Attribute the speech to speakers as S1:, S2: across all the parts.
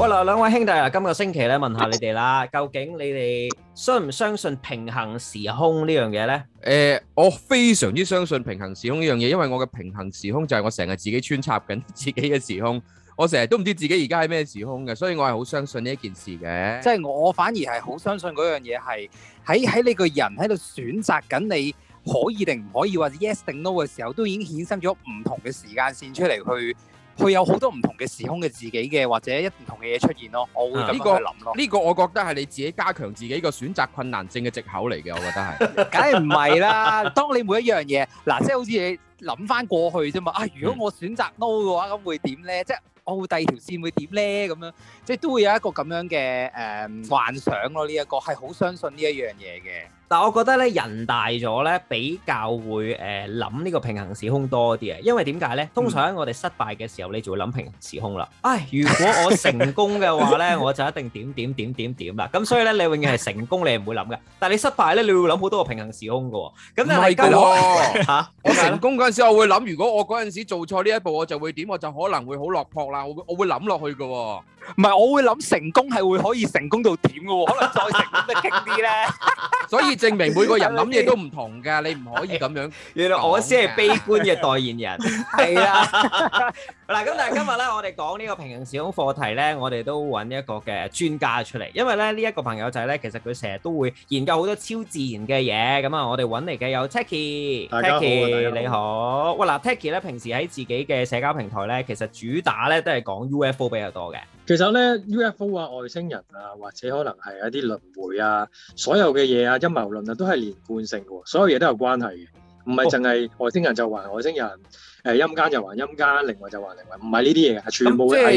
S1: 好啦，兩位兄弟啊，今個星期咧問,問下你哋啦，究竟你哋相唔相信平行時空事呢樣嘢咧？誒、呃，我非常之相信平行時空呢樣嘢，因為我嘅平行時空就係我成日自己
S2: 穿插緊自己嘅時空，我成日都唔知道自己而家喺咩時空嘅，所以我係好相信呢一件事嘅。即、就、係、
S3: 是、我反而係好相信嗰樣嘢係
S2: 喺喺你個人喺度選擇
S3: 緊，你可以定唔可以或者 yes 定 no 嘅時候，都已經衍生咗唔同嘅時間線出嚟
S2: 去。佢有好多唔同嘅時空嘅自己嘅，或者一唔同嘅嘢出現咯。我會咁去諗咯。呢、嗯這個這個我覺得係你自己加強自己個選擇困難症嘅藉口嚟嘅，我覺得係。梗係唔係啦？ 當你每一樣嘢嗱，即、啊、係、就是、好似你諗翻過去啫嘛。啊，如果我選擇
S3: no 嘅話，咁會點呢？嗯、即係我會第二條線會點呢？咁樣即係都會有一個咁樣嘅誒、嗯、幻想咯。呢、這、一個係好相信呢一樣嘢嘅。
S1: 但我覺得咧，人大咗咧，比較會誒諗呢個平行時空多啲啊，因為點解咧？通常我哋失敗嘅時候，嗯、你就會諗平行時空啦。唉，如果我成功嘅話咧， 我就一定點點點點點啦。咁所以咧，你永遠係成功你唔會諗嘅，但係你失敗咧，你會諗好多個平行時空嘅喎。唔係㗎喎，啊啊、我成功嗰陣時，我會諗，如果我嗰陣時做錯呢一步，我
S2: 就會點？我就可能會好落魄啦。我會我會諗落去嘅喎、啊。
S3: 唔係，我會諗成功係會可
S2: 以成功到點嘅喎，可能再成功得勁啲咧。 所以證明每個人諗嘢都唔同㗎，你唔可以咁樣。 原來我先係悲觀嘅代
S1: 言人。係 啊。嗱，咁但係今日咧，我哋講呢個平行時空課題咧，我哋都揾一個嘅專家出嚟，因為咧呢一個朋友仔咧，其實佢成日都會研究好多超自然嘅嘢。咁啊，我哋揾嚟嘅有 Tecki，Tecki 你好。喂，嗱，Tecki 咧平時喺自己嘅社交平台咧，其
S4: 實主打咧都係講 UFO 比較多嘅。其實咧 UFO 啊，外星人啊，或者可能係一啲輪迴啊，所有嘅嘢啊，陰謀論啊，都係連貫性嘅，所有嘢都有關係嘅，唔係淨係外星人就話外星人。哦誒陰間就話陰間還，另外就話另外，唔係呢啲嘢嘅，係全部係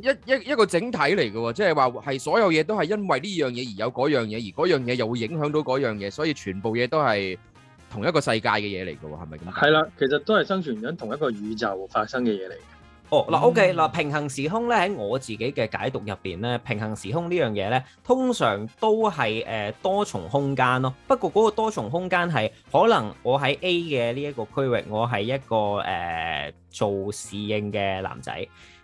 S4: 一一一個整體嚟嘅喎，即係話係
S2: 所有嘢都係因為呢樣嘢而有嗰樣嘢，而嗰樣嘢又會影響到嗰樣嘢，所以全部嘢都係
S1: 同一個世界嘅嘢嚟嘅喎，係咪咁？係
S4: 啦，其實都係生存緊同一個宇宙發生嘅嘢嚟。
S1: 哦，嗱，OK，嗱，平衡時空咧喺我自己嘅解讀入面，咧，平行時空呢樣嘢咧，通常都係、呃、多重空間咯。不過嗰個多重空間係可能我喺 A 嘅呢一個區域，我係一個做侍應嘅男仔；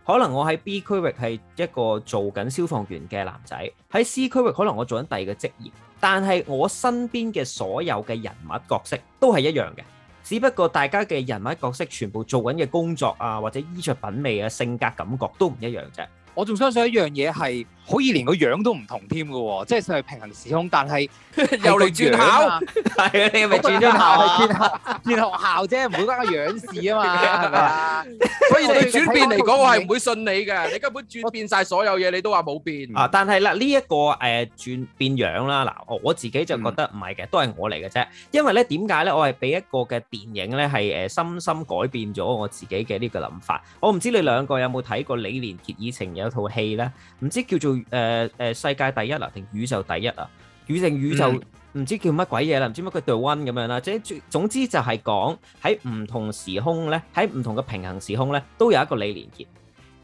S1: 可能我喺、呃、B 區域係一個做緊消防員嘅男仔；喺 C 區域可能我做緊第二個職業，但係我身邊嘅所有嘅人物角色都係一樣嘅。只不過大家嘅人物角色，全部做緊嘅工作啊，或者衣着品味啊，性格感覺都唔一樣啫。我仲相信一樣嘢係。可以連個
S3: 樣都唔同添㗎喎，即係平行時空，但係又嚟轉校，係啊，你係咪轉咗校啊，轉校，轉學校啫，唔關個樣事啊嘛，係咪啊？所以你轉變嚟講，
S2: 我係唔會信你嘅，你根本轉變晒所有嘢，你都話冇變啊！
S1: 但係嗱，呢一個誒轉變樣啦，嗱，我自己就覺得唔係嘅，都係我嚟嘅啫。因為咧點解咧？我係俾一個嘅電影咧係誒深深改變咗我自己嘅呢個諗法。我唔知你兩個有冇睇過李連杰以前有套戲咧？唔知叫做。誒誒，世界第一啦，定宇宙第一啊？宇宙宇宙，唔知叫乜鬼嘢啦，唔、嗯、知乜佢對溫咁樣啦。即係總之就係講喺唔同時空咧，喺唔同嘅平行時空咧，都有一個李連杰。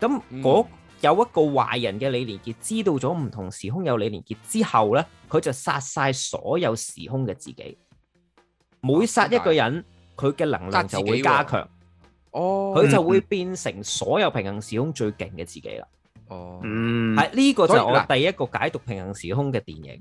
S1: 咁、那、嗰、個、有一個壞人嘅李連杰，知道咗唔同時空有李連杰之後咧，佢就殺晒所有時空嘅自己。每殺一個人，佢嘅能力就會加強。
S2: 哦，佢就會
S1: 變成所有平行時空最勁嘅自己啦。哦、oh，嗯，係呢、這個就是我第一個解讀平行時空嘅電影，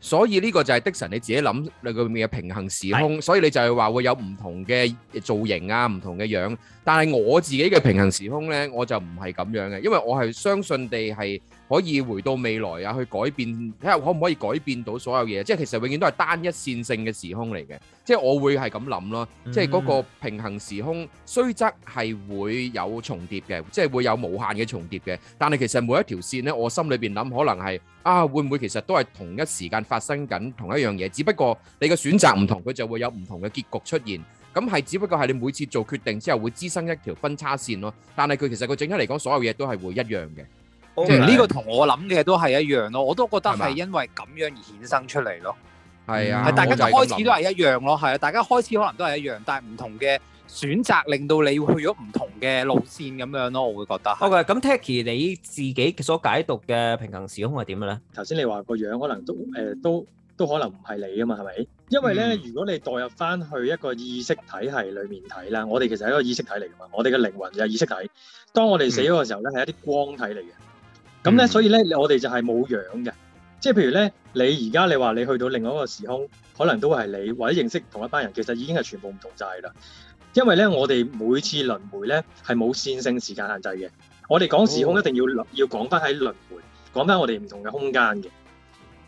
S1: 所以呢個就係的神你自己諗裏面嘅平行
S2: 時空，所以你就係話會有唔同嘅造型啊，唔同嘅樣，但係我自己嘅平行時空呢，我就唔係咁樣嘅，因為我係相信地係。可以回到未來啊，去改變睇下可唔可以改變到所有嘢，即係其實永遠都係單一線性嘅時空嚟嘅。即係我會係咁諗咯，即係嗰個平行時空雖則係會有重疊嘅，即係會有無限嘅重疊嘅。但係其實每一條線呢，我心裏面諗可能係啊，會唔會其實都係同一時間發生緊同一樣嘢？只不過你嘅選擇唔同，佢就會有唔同嘅結局出現。咁係只不過係你每次做決定之後會滋生一條分叉線咯。但係佢其實佢整體嚟講，所有嘢都係會一樣嘅。呢、okay。個同我諗嘅都係一樣咯。我都覺得係因為咁樣而衍生出嚟咯。係、嗯、啊，係大家開始都係一
S3: 樣咯。係啊，大家開始可能都係一樣，但係唔同嘅選擇令到你要去咗唔同嘅路
S1: 線咁樣咯。我會覺得係。OK，咁 Tecki 你自己所解讀嘅平行時空係點
S4: 嘅咧？頭先你話個樣可能都誒、呃、都都可能唔係你啊嘛？係咪？因為咧、嗯，如果你代入翻去一個意識體系裏面睇啦，我哋其實係一個意識體嚟㗎嘛。我哋嘅靈魂就係意識體。當我哋死咗嘅時候咧，係一啲光體嚟嘅。嗯咁、嗯、咧，所以咧，我哋就係冇樣嘅，即係譬如咧，你而家你話你去到另外一個時空，可能都係你或者認識同一班人，其實已經係全部唔同曬啦。因為咧，我哋每次輪迴咧，係冇線性時間限制嘅。我哋講時空一定要、哦、要講翻喺輪迴，講翻我哋唔同嘅空間嘅。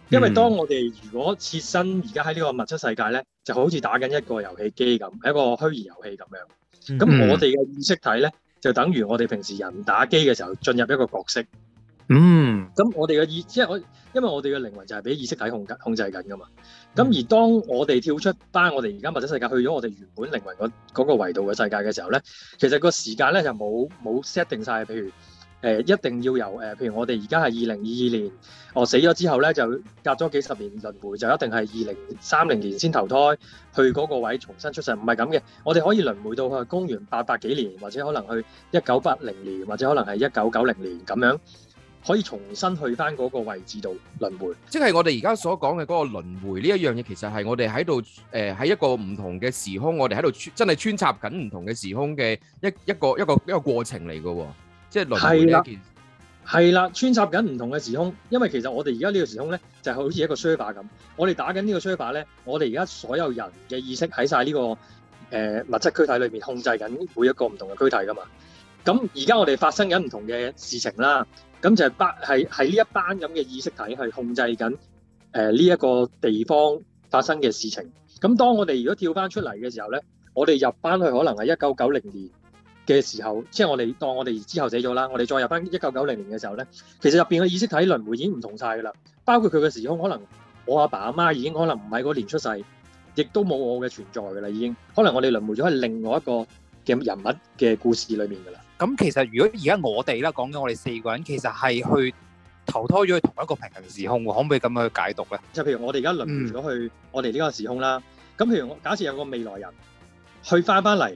S4: 因為當我哋如果設身而家喺呢個物質世界咧，就好似打緊一個遊戲機咁，係一個虛擬遊戲咁樣。咁我哋嘅意識體咧，就等於我哋平時人打機嘅時候進入一個角色。嗯，咁我哋嘅意，即係我，因為我哋嘅靈魂就係俾意識體控控制緊噶嘛。咁而當我哋跳出翻我哋而家物質世界，去咗我哋原本靈魂嗰個維度嘅世界嘅時候咧，其實個時間咧就冇冇 set 定曬，譬如誒、呃、一定要由誒，譬如我哋而家係二零二二年，我、呃、死咗之後咧就隔咗幾十年輪回，就一定係二零三零年先投胎去嗰個位重新出世，唔係咁嘅。我哋可以輪回到去公元八百幾年，或者可能去一九八零年，或者可能係一九九零年咁樣。可以重新去返嗰個位置度輪迴，
S2: 即係我哋而家所講嘅嗰個輪迴呢一樣嘢，其實係我哋喺度誒喺一個唔同嘅時空，我哋喺度穿真係穿插緊唔同嘅時空嘅一一個一個一個，一個過程嚟㗎喎，
S4: 即係輪迴呢件事係啦，穿插緊唔同嘅時空，因為其實我哋而家呢個時空咧就好似一個 server 咁，我哋打緊呢個 server 咧，我哋而家所有人嘅意識喺晒呢個誒、呃、物質軀體裏面控制緊每一個唔同嘅軀體㗎嘛。咁而家我哋發生緊唔同嘅事情啦。咁就係班係喺呢一班咁嘅意識體去控制緊誒呢一個地方發生嘅事情。咁當我哋如果跳翻出嚟嘅時候咧，我哋入翻去可能係一九九零年嘅時候，即係我哋當我哋之後死咗啦，我哋再入翻一九九零年嘅時候咧，其實入面嘅意識體輪迴已經唔同晒噶啦，包括佢嘅時空，可能我阿爸阿媽已經可能唔係嗰年出世，亦都冇我嘅存在噶啦，已經可能我哋輪迴咗喺另外一個嘅人物嘅故事裏面噶啦。
S3: 咁其實如果而家我哋啦講緊我哋四個人，其實係去投胎咗去同一個平
S4: 行時空，可唔可以咁樣去解讀咧？就譬如我哋而家輪住咗去我哋呢個時空啦。咁、嗯、譬如我假設有個未來人去翻返嚟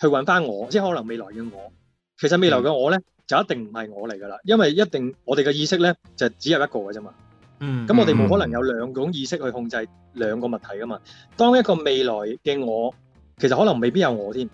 S4: 去搵返我，即係可能未來嘅我，其實未來嘅我咧、嗯、就一定唔係我嚟噶啦，因為一定我哋嘅意識咧就只有一個嘅啫嘛。嗯。咁我哋冇可能有兩種意識去控制兩個物體噶嘛？當一個未來嘅我，其實可能未必有我添。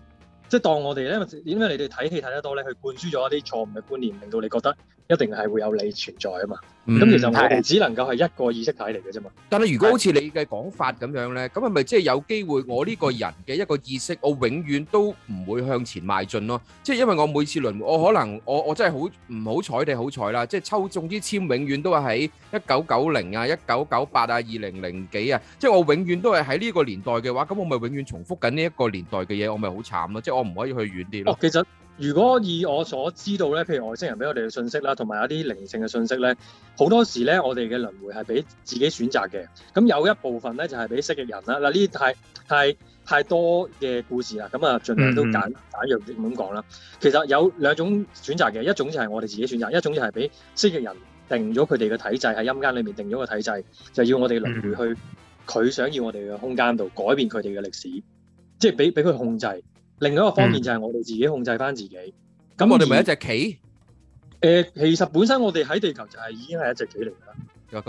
S4: 即係當我哋咧，點解你哋睇戲睇得多咧，佢灌輸咗一啲錯誤嘅觀念，令到你覺得。一定係會有你存在啊嘛，咁、嗯、其實我哋只能夠係一個意識體嚟嘅啫嘛。但係如果好似你嘅講法咁樣呢，咁係咪即係有機
S2: 會我呢個人嘅一個意識，我永遠都唔會向前邁進咯？即、就、係、是、因為我每次輪我可能我我真係好唔好彩你好彩啦，即係抽中啲籤永遠都係喺一九九零啊、一九九八啊、二零零幾啊，即係、啊就是、我永遠都係喺呢個年代嘅話，
S4: 咁我咪永遠重複緊呢一個年代嘅嘢，我咪好慘咯？即、就、係、是、我唔可以去遠啲咯。哦，記如果以我所知道咧，譬如外星人俾我哋嘅信息啦，同埋一啲靈性嘅信息咧，好多時咧我哋嘅輪迴係俾自己選擇嘅。咁有一部分咧就係俾蜥蜴人啦。嗱呢啲太太太多嘅故事啦，咁啊盡量都簡、mm -hmm. 簡約啲咁講啦。其實有兩種選擇嘅，一種就係我哋自己選擇，一種就係俾蜥蜴人定咗佢哋嘅體制，喺陰間裏面定咗個體制，就要我哋輪迴去佢想要我哋嘅空間度改變佢哋嘅歷史，即係俾俾佢控制。另外一個方面就係我哋自己控制翻自己。咁、嗯、我哋咪一隻棋？誒、呃，其實本身我哋喺地球就係、是、已經係一隻棋嚟㗎啦。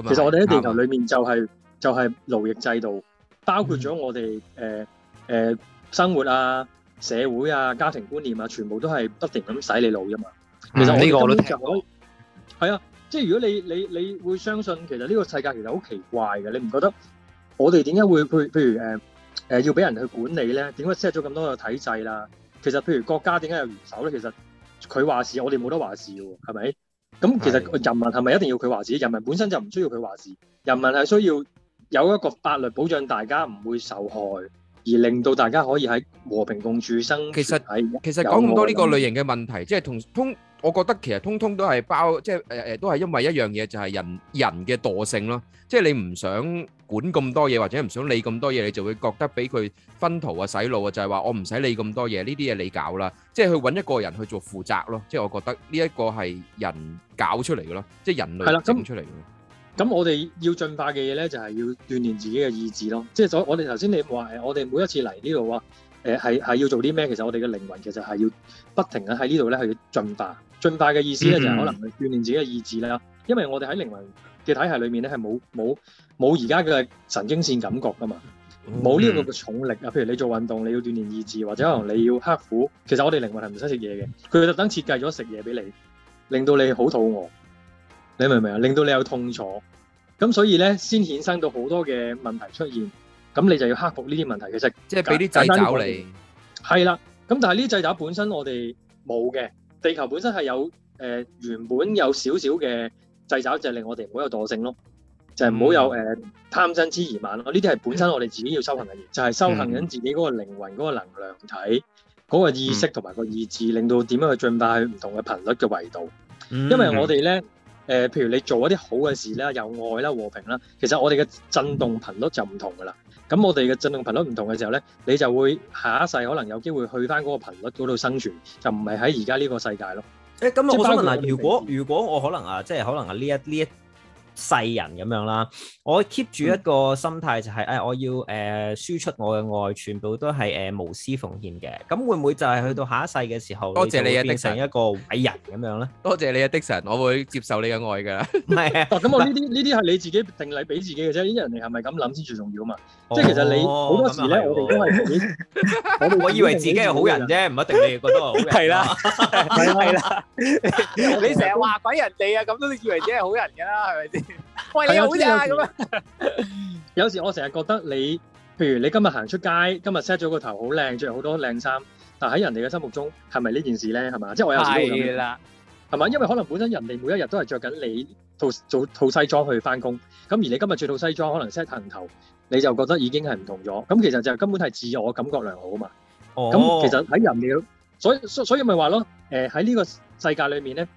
S4: 其實我哋喺地球裡面就係、是、就係勞役制度，包括咗我哋誒誒生活啊、社會啊、家庭觀念啊，全部都係不停咁洗你腦啫嘛。其實呢、嗯這個我諗就係，係啊，即係如果你你你會相信其實呢個世界其實好奇怪嘅，你唔覺得我哋會？我哋點解會佢譬如誒？呃誒要俾人去管理咧，點解 set 咗咁多個體制啦？其實譬如國家點解有元首咧？其實佢話事，我哋冇得話事嘅喎，係咪？咁其實人民係咪一定要佢話事？人民本身就唔需要佢話事，人民係需要有一個法律保障大家唔會受害，而令到大家可以喺和平共處生。其實其實講咁多呢個類型
S2: 嘅問題，即係同通。同我覺得其實通通都係包，即係誒誒，都係因為一樣嘢就係、是、人人嘅惰性咯。即係你唔想管咁多嘢，或者唔想理咁多嘢，你就會覺得俾佢分途啊、洗腦啊，就係、是、話我唔使理咁多嘢，呢啲嘢你搞啦。即係去揾一個人去做負責咯。即係我覺得呢一個係人搞出嚟嘅咯，即係人類整出嚟嘅。
S4: 咁我哋要進化嘅嘢咧，就係、是、要鍛鍊自己嘅意志咯。即係我我我哋頭先你話我哋每一次嚟呢度啊，誒係係要做啲咩？其實我哋嘅靈魂其實係要不停咁喺呢度咧去進化。進化嘅意思咧，就係可能係鍛鍊自己嘅意志啦。嗯、因為我哋喺靈魂嘅體系裏面咧，係冇冇冇而家嘅神經綫感覺噶嘛，
S1: 冇、嗯、呢個嘅
S4: 重力啊。譬如你做運動，你要鍛鍊意志，或者可能你要刻苦。其實我哋靈魂係唔使食嘢嘅，佢會特登設計咗食嘢俾你，令到你好肚餓。你明唔明啊？令到你有痛楚，咁所以咧，先衍生到好多嘅問題出現。咁你就要克服呢啲問題其實，即係俾啲制爪你。係啦，咁但係呢制爪本身我哋冇嘅。地球本身係有誒、呃、原本有少少嘅掣肘，就係、是、令我哋唔好有惰性咯，就係唔好有誒、呃、貪身之疑慢咯。呢啲係本身我哋自己要修行嘅嘢，就係、是、修行緊自己嗰個靈魂、嗰、那個能量體、嗰、那個意識同埋個意志，嗯、令到點樣去進化去唔同嘅頻率嘅維度。
S5: 因為我哋
S4: 咧誒，譬如你做一啲好嘅事啦、有愛啦、和平啦，其實我哋嘅震動頻率就唔同噶啦。咁我哋嘅振動頻率唔同嘅時候呢，你就會下一世可能有機會去返嗰個頻率嗰度生存，就唔係喺而家呢個世界囉。誒，咁我想問，如果如果我可能啊，即係可能啊呢一呢一
S1: 世人咁樣啦，我 keep 住一個心態就係誒，我要誒輸出我嘅愛，全部都係誒無私奉獻嘅。咁會唔會就係去到下一世嘅時候，多謝你嘅成一個偉人咁樣咧？多謝你嘅的神，我會接受你嘅愛噶。係啊，咁我呢啲呢啲係
S4: 你自己定例俾自己嘅啫，啲人哋係咪咁諗先最重要啊嘛？即係其實你好多時咧，
S5: 我哋都係我我以為自己係好人啫，唔一定你哋覺得係啦係啦，你成日話鬼人哋啊，咁都
S4: 以為自己係好人噶啦，
S3: 係咪先？唯有呀咁啊！
S4: 有時我成日覺得你，譬如你今日行出街，今日 set 咗個頭好靚，着好多靚衫，但喺人哋嘅心目中係咪呢件事咧？係嘛？即係我有呢個咁嘅。係啦，係嘛？因為可能本身人哋每一日都係着緊你套套套西裝去翻工，咁而你今日着套西裝，可能 set 頭，你就覺得已經係唔同咗。咁其實就根本係自我感覺良好啊嘛。
S5: 哦。咁其實
S4: 喺人哋，所以所所以咪話咯，誒喺呢個世界裏面咧。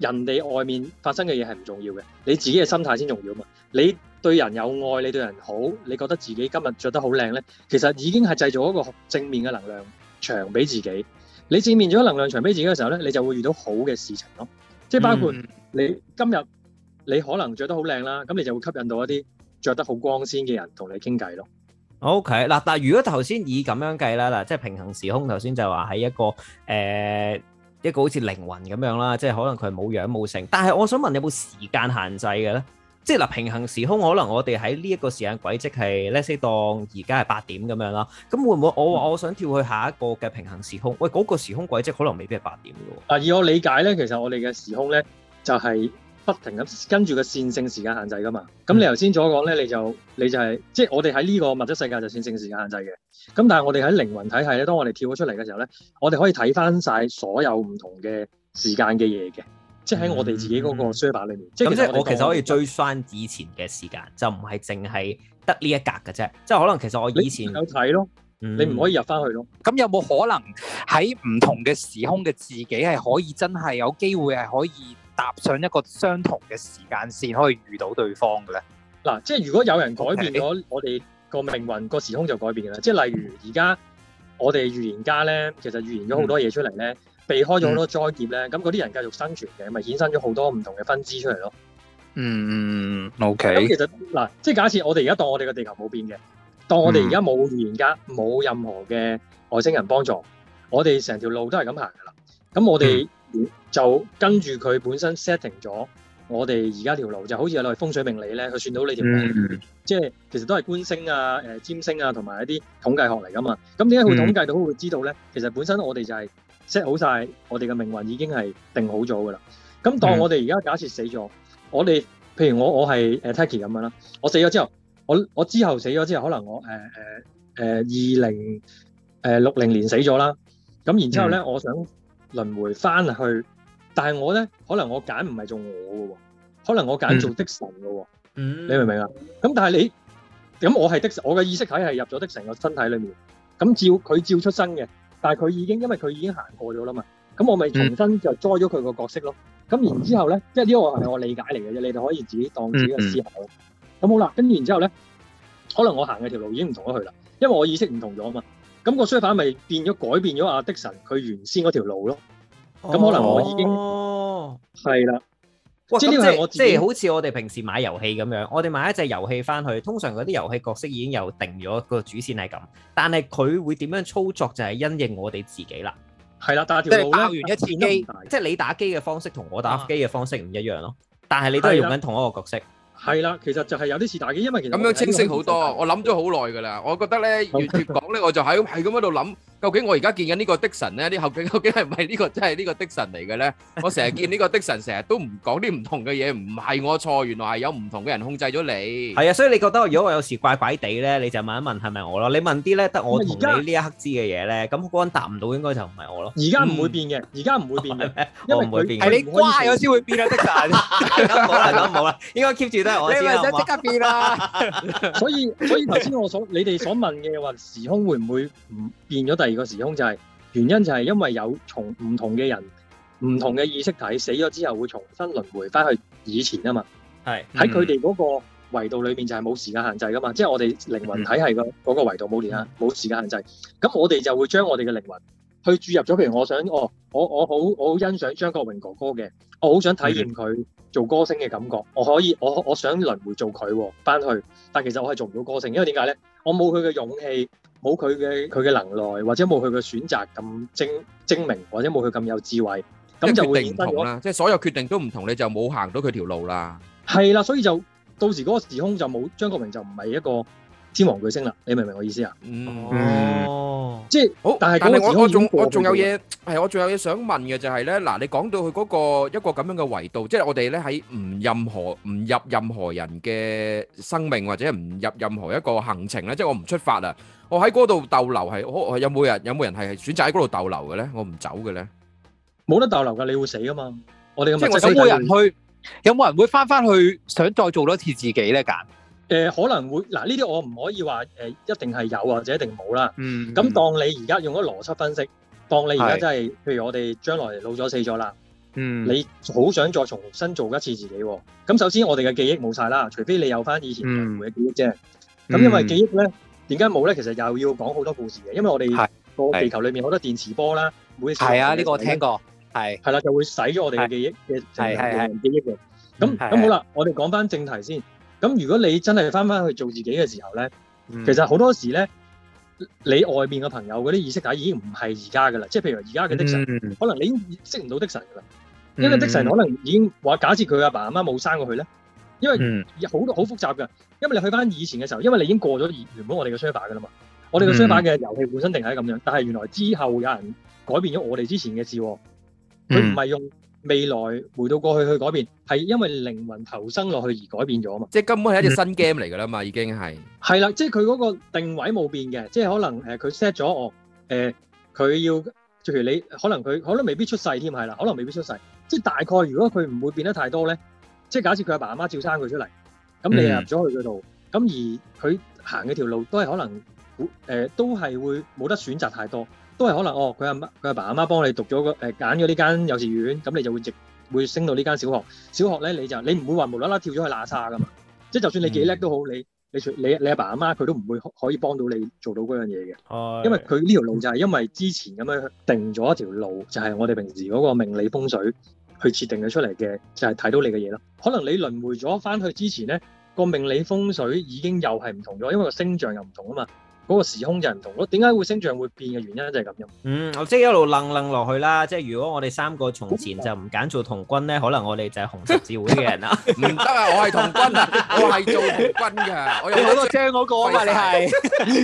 S4: 人哋外面發生嘅嘢係唔重要嘅，你自己嘅心態先重要嘛！你對人有愛，你對人好，你覺得自己今日着得好靚呢，其實已經係製造一個正面嘅能量場俾自己。你正面咗能量場俾自己嘅時候呢，你就會遇到好嘅事情咯。即係包括你今日、嗯、你可能着得好靚啦，咁你就會吸引到一啲着得好光鮮嘅人同你傾偈咯。
S1: OK，嗱但如果頭先以咁樣計啦，嗱，即係平行時空，頭先就話喺一個誒，呃一個好似靈魂咁樣啦，即係可能佢係冇樣冇性，但係我想問有冇時間限制嘅咧？即係嗱，平行時空可能我哋喺呢一個時間軌跡係 let's say 當而家係八點咁樣啦，咁會唔會我話我想跳去下一個嘅平行時空？嗯、喂，嗰、那個時空軌跡可能未必係八點嘅
S4: 喎。以我理解咧，其實我哋嘅時空咧就係、係。不停咁跟住個線性時間限制噶嘛？咁你頭先所講咧，你就你就係即係我哋喺呢個物質世界就線性時間限制嘅。咁但係我哋喺靈魂體系咧，當我哋跳咗出嚟嘅時候咧，我哋可以睇翻晒所有唔同嘅時間嘅嘢嘅。即係喺我哋自己嗰個書板裏面，嗯、即係我，我其實可以
S1: 追翻以前嘅時間，就唔係淨係得呢一格嘅啫。即係可能其實我以前有睇咯，嗯、你唔可以入翻去咯。咁、嗯、有冇可能喺唔同嘅時空嘅自己係
S3: 可以真係有機會係可以？踏上一個相同嘅時間線，可以遇到
S4: 對方嘅咧。嗱，即係如果有人改變咗、okay. 我哋個命運，個時空就改變嘅啦。即係例如而家我哋預言家咧，其實預言咗好多嘢出嚟咧，mm. 避開咗好多災劫咧。咁嗰啲人繼續生存嘅，咪衍生咗好多唔同嘅分支出嚟咯。嗯、
S5: mm.，OK。
S3: 咁其實
S4: 嗱，即係假設我哋而家當我哋個地球冇變嘅，當我哋而家冇預言家，冇、mm. 任何嘅外星人幫助，我哋成條路都係咁行嘅啦。咁我哋、mm.。就跟住佢本身 setting 咗，我哋而家條路就好似係風水命理咧，佢算到你條路。即、嗯、係、就是、其實都係觀星啊、誒、呃、占星啊，同埋一啲統計學嚟噶嘛。咁點解佢統計到會知道咧、嗯？其實本身我哋就係 set 好晒，我哋嘅命運已經係定好咗噶啦。咁當我哋而家假設死咗、嗯，我哋譬如我我係誒 Tecki 咁樣啦，我死咗之後，我我之後死咗之後，可能我誒誒誒二零誒、呃、六零年死咗啦。咁然之後咧、嗯，我想。輪迴翻去，但係我咧，可能我揀唔係做我嘅喎，可能我揀做、Dixon、的神嘅喎，mm
S5: -hmm. 你明唔
S4: 明啊？咁但係你，咁我係的神，我嘅意識體係入咗的神嘅身體裏面，咁照佢照出生嘅，但係佢已經因為佢已經行過咗啦嘛，咁我咪重新就栽咗佢個角色咯。咁、mm -hmm. 然之後咧，即係呢個係我理解嚟嘅啫，你哋可以自己當自己嘅思考。咁、mm -hmm. 好啦，跟住然之後咧，可能我行嘅條路已經唔同咗佢啦，因為我意識唔同咗啊嘛。咁個相反咪變咗改變咗阿迪神佢原先嗰條路咯，咁、oh. 可能我已經係啦，即係即係好似我哋平時買遊
S1: 戲咁樣，我哋買一隻遊戲翻去，通常嗰啲遊戲角色已經有定咗個主線係咁，但係佢會點樣操作就係因應我哋自己啦，係啦，打條路完一次機，即係你打機嘅方式同我打機嘅方式唔一樣咯、啊，但係你都係用緊同一個角色。係啦，其實就係有啲事大
S4: 嘅，因為其實咁樣清晰好多。
S1: 我諗咗好耐㗎喇。我覺得
S2: 呢，越越講呢，我就喺係咁喺度諗。 究竟我而家見緊呢個 Tiksan 咧？啲後背究竟係唔係呢個真係呢個 Tiksan 嚟嘅咧？我成日見呢個 Tiksan，成日都唔講啲唔同嘅嘢，唔係我錯，原來係有唔同嘅人控制咗你。係啊，
S1: 所以你覺得如果我有時怪怪地咧，你就問一問係咪我咯？你問啲咧得我同你呢一刻知嘅嘢咧，咁嗰個人答唔到，應該就唔係我咯。而家唔會變嘅，而家唔會變嘅咩？我唔會變，係你乖咗先會變啊！Tiksan，
S4: 唔好啦，唔好啦，應該 keep 住都係我。你唔想即刻變啊？所以所以頭先我所你哋所問嘅話，時空會唔會唔？變咗第二個時空，就係原因就係因為有從唔同嘅人、唔同嘅意識體死咗之後會重新輪迴翻去以前啊嘛，係喺佢哋嗰個維度裏面就係冇時間限制噶嘛，即係我哋靈魂體係個嗰個維度冇連啊，冇時間限制，咁我哋就會將我哋嘅靈魂去注入咗，譬如我想哦我我，我好我好欣賞張國榮哥哥嘅，我好想體驗佢做歌星嘅感覺，我可以我我想輪迴做佢翻、哦、去，但其實我係做唔到歌星，因為點解咧？我冇佢嘅勇氣。冇佢嘅佢嘅能耐，或者冇佢嘅選擇咁精，精明，或者冇佢咁有智慧，咁就決定唔同啦。即係所有決定都唔同，你就冇行到佢條路啦。係啦，所以就到時嗰個時空就冇張國榮，就唔係一個。天王巨星啦，你明唔明我意思啊？嗯，哦，即係好，但係我我仲我仲有嘢，係我仲有嘢想問嘅就係咧，
S2: 嗱，你講到佢嗰個一個咁樣嘅維度，即係我哋咧喺唔任何唔入任何人嘅生命或者唔入任何一個行程咧，即係我唔出發啦，我喺嗰度逗留係，有冇人有冇人係選擇喺嗰度逗留嘅咧？我唔走嘅咧，冇得逗
S4: 留噶，你會死吖嘛？我哋咁即係有冇人去？有冇人會翻翻去想再做多次自己咧？揀？誒、呃、可能會嗱呢啲我唔可以話誒、呃、一定係有或者一定冇啦。咁、嗯、當你而家用咗邏輯分析，嗯、當你而家真係譬如我哋將來老咗死咗啦，嗯，你好想再重新做一次自己，哦。咁首先我哋嘅記憶冇晒啦，除非你有翻以前唔同嘅記憶啫。咁、嗯嗯、因為記憶咧點解冇咧？其實又要講好多故事嘅，因為我哋個地球裏面好多電磁波啦，每係啊，呢個我聽過，係係啦，就會洗咗我哋嘅記憶嘅人類記憶嘅。咁咁好啦，我哋講翻正題先。咁如果你真係翻翻去做自己嘅時候咧、嗯，其實好多時咧，你外面嘅朋友嗰啲意識體已經唔係而家嘅啦。即係譬如而家嘅的神、嗯，可能你已經識唔到的神噶啦。
S1: 因為的神可
S4: 能已經話假設佢阿爸阿媽冇生過佢咧，因為好多好複雜嘅。因為你去翻以前嘅時候，因為你已經過咗原本我哋嘅 surface 啦嘛，我哋嘅 surface 嘅遊戲本身定係咁樣，但係原來之後有人改變咗我哋之前嘅事，佢唔係用。未來回到過去去改變，係因為靈魂投生落去而改變咗啊嘛！即係根本係一隻新 game 嚟㗎啦嘛，已經係。係啦，即係佢嗰個定位冇變嘅，即係可能誒佢 set 咗我誒佢要，譬如你可能佢可能未必出世添，係啦，可能未必出世。即係大概如果佢唔會變得太多咧，即係假設佢阿爸阿媽照生佢出嚟，咁你入咗去嗰度，咁而佢行嘅條路都係可能誒都係會冇得選擇太多。都係可能哦，佢阿佢阿爸阿媽幫你讀咗個誒揀咗呢間幼稚園，咁你就會直會升到呢間小學。小學咧你就你唔會話無啦啦跳咗去喇沙㗎嘛。即係就算你幾叻都好，嗯、你你你阿爸阿媽佢都唔會可以幫到你做到嗰樣嘢嘅、哎。因為佢呢條路就係因為之前咁樣去定咗一條路，就係、是、我哋平時嗰個命理風水去設定咗出嚟嘅，就係、是、睇到你嘅嘢咯。可能你輪迴咗翻去之前咧，個命理風水已經又係唔同咗，因為個星象又唔同啊嘛。嗰個時空就唔同囉，點解會升漲會變嘅原因就係咁樣。嗯，即係一路愣愣落去啦。即係如果我哋三個
S1: 從前就唔揀做童軍咧，可能我哋就係紅十字會嘅人啦。唔得啊！我係童軍啊！我係做童軍㗎。我有好多張嗰個啊，你係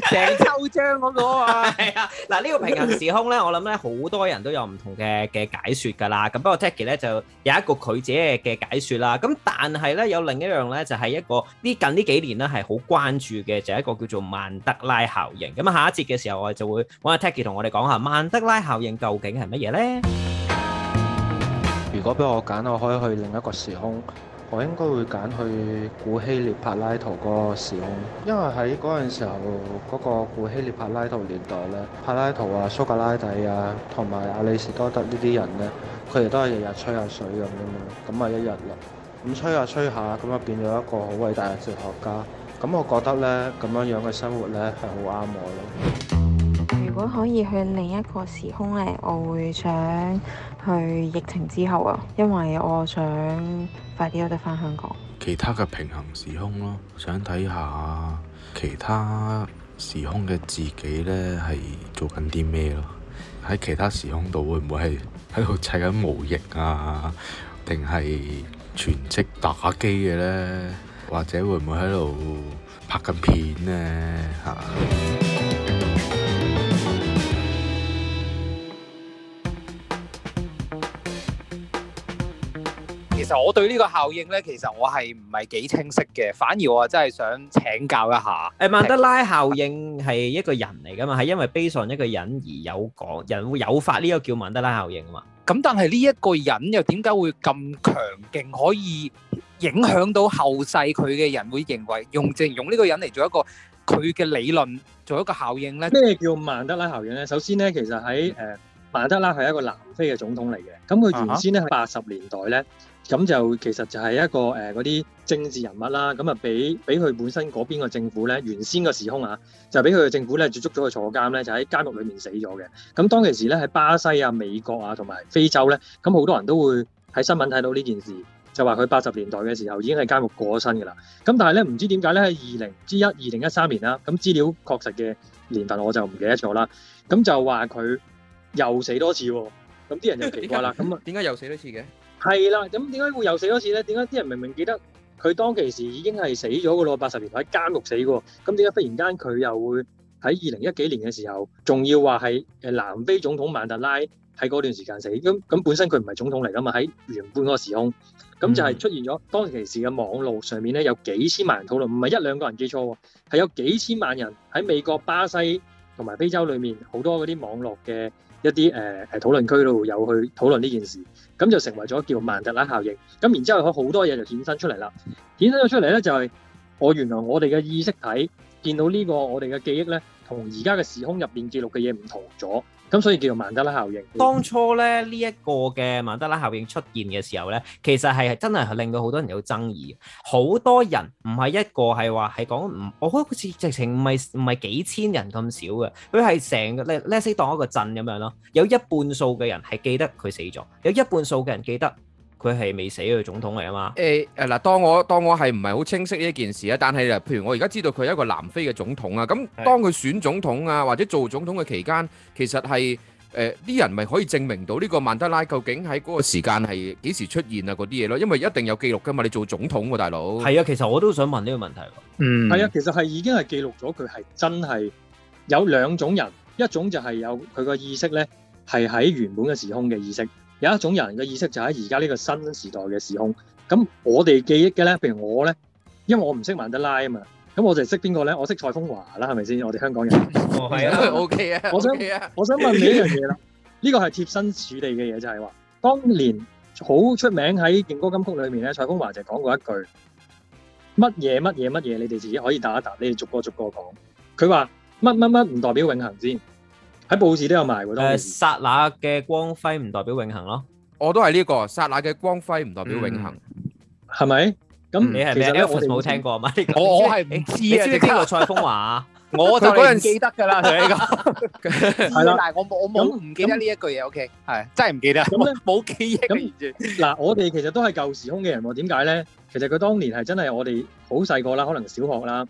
S1: 成抽張嗰個啊。係啊。嗱，呢個平行時空咧，我諗咧好多人都有唔同嘅嘅解説㗎啦。咁不過 Tecki 咧就有一個佢自己嘅解説啦。咁但係咧有另一樣咧就係一個呢近呢幾年咧係好關注嘅就係一個叫做曼德拉效應。咁下一節嘅時候，我哋就會揾阿 Tecki 同我哋講下曼德拉效應究竟係乜嘢呢？如果俾我揀，我可以去另一個時空，我應該會揀去古
S3: 希臘柏拉圖嗰個時空，因為喺嗰陣時候嗰、嗰個古希臘柏拉圖年代咧，柏拉圖啊、蘇格拉底啊、同埋阿里士多德呢啲人咧，佢
S4: 哋都係日日吹下水咁樣，咁啊一日啦，咁吹下吹下，咁啊變咗一個好偉大嘅哲學家。咁我覺得呢，咁樣樣嘅生活
S1: 呢，係好啱我咯。如果可以去另一個時空呢，我會想去疫情之後啊，因為我想快啲有得返香港。
S2: 其他嘅平行時空咯，想睇下其他時空嘅自己呢，係做緊啲咩咯？喺其他時空度會唔會係喺度砌緊模型啊，定係全職打機嘅呢？或者會唔會喺度拍緊片咧？
S3: 其實我對呢個效應咧，其實我係唔係幾清晰
S1: 嘅，反而我啊真係想請教一下。誒，曼德拉效應係一個人嚟噶嘛？係因為 based on 一個人而有講，人會有法呢個叫曼德拉效應啊嘛。咁但係呢一個人又點解會咁強勁，可以影響到後世佢
S3: 嘅人會認為用正用呢個人嚟做一個佢嘅理論，做一個效應咧？咩
S4: 叫曼德拉效應咧？首先咧，其實喺誒曼德拉係一個南非嘅總統嚟嘅，咁佢原先咧喺八十年代咧。咁就其實就係一個嗰啲、呃、政治人物啦，咁啊俾俾佢本身嗰邊個政府咧，原先個時空啊，就俾佢嘅政府咧接觸捉咗佢坐監咧，就喺監獄裏面死咗嘅。咁當其時咧喺巴西啊、美國啊同埋非洲咧，咁好多人都會喺新聞睇到呢件事，就話佢八十年代嘅時候已經喺監獄過咗身嘅啦。咁但係咧唔知點解咧喺二零之一二零一三年啦、啊，咁資料確實嘅年份我就唔記得咗啦。咁就話佢又死多次喎、啊，咁啲人就奇怪啦，咁點
S2: 解又死多次嘅？
S4: 係啦，咁點解會又死多次咧？點解啲人明明記得佢當其時已經係死咗嘅咯？八十年代喺監獄死嘅，咁點解忽然間佢又會喺二零一幾年嘅時候，仲要話係誒南非總統曼德拉喺嗰段時間死？咁咁本身佢唔係總統嚟噶嘛？喺原本嗰個時空，咁就係出現咗當其時嘅網路上面咧，有幾千萬人討論，唔係一兩個人記錯喎，係有幾千萬人喺美國、巴西同埋非洲裏面好多嗰啲網絡嘅一啲誒誒討論區度有去討論呢件事。咁就成為咗叫曼德拉效應，咁然之後佢好多嘢就衍生出嚟啦，衍生咗出嚟呢，就係我原來我哋嘅意識體見到呢個我哋嘅記憶呢，同而家嘅時空入面記錄嘅嘢唔同咗。咁所以叫做曼德拉效應。當初呢一、這個嘅曼
S1: 德拉效應出現嘅時候呢，其實係真係令到好多人有爭議。好多人唔係一個係話係講，我覺得好似直情唔係幾幾千人咁少嘅，佢係成，你你可以當一個鎮咁樣，有一半數嘅人係記得佢死咗，有一半數嘅人，人記得。佢係未死嘅總統嚟啊嘛？誒誒嗱，當我當我係唔係好清晰
S2: 呢一件事啊？但係啊，譬如我而家知道佢係一個南非嘅總統啊，咁當佢選總統啊，或者做總統嘅期間，其實係誒啲人咪可以證明到呢個曼德拉究竟喺嗰個時間係幾時出現啊嗰啲嘢咯？因為一定有記錄㗎嘛，你做總統喎，大佬。係啊，
S1: 其實我都
S4: 想問呢個問題。嗯。係啊，其實係已經係記錄咗佢係真係有兩種人，一種就係有佢個意識咧，係喺原本嘅時空嘅意識。有一種人嘅意識就喺而家呢個新時代嘅時空，咁我哋記憶嘅咧，譬如我咧，因為我唔識曼德拉啊嘛，咁我就識邊個咧？我識蔡楓華啦，係咪先？我哋香港人， 哦係啊，OK 啊，我、， okay、
S5: 我想、okay、
S4: 我想問你一樣嘢啦，呢 個係貼身處地嘅嘢，就係話，當年好出名喺勁歌金曲裏面咧，蔡楓華就講過一句，乜嘢乜嘢乜嘢，你哋自己可以答一答，你哋逐個逐個講。佢話乜乜乜唔代表永恆先。喺報紙都有埋喎。誒，
S1: 剎那嘅光輝唔代表永恆咯。我
S2: 都係呢個，剎那嘅光輝唔代表永恆，係咪？咁你係咩？我哋冇聽過嘛？我我係唔知啊。即係蔡風華，我就嗰陣記得㗎啦。就係呢個。
S4: 係啦，但係
S3: 我冇我冇唔記得呢一句嘢。O K，係
S4: 真係唔記得。冇記憶。咁嗱，我哋其實都係舊時空嘅人喎。點解咧？其實佢當年係真係我哋好細個啦，可能小學啦。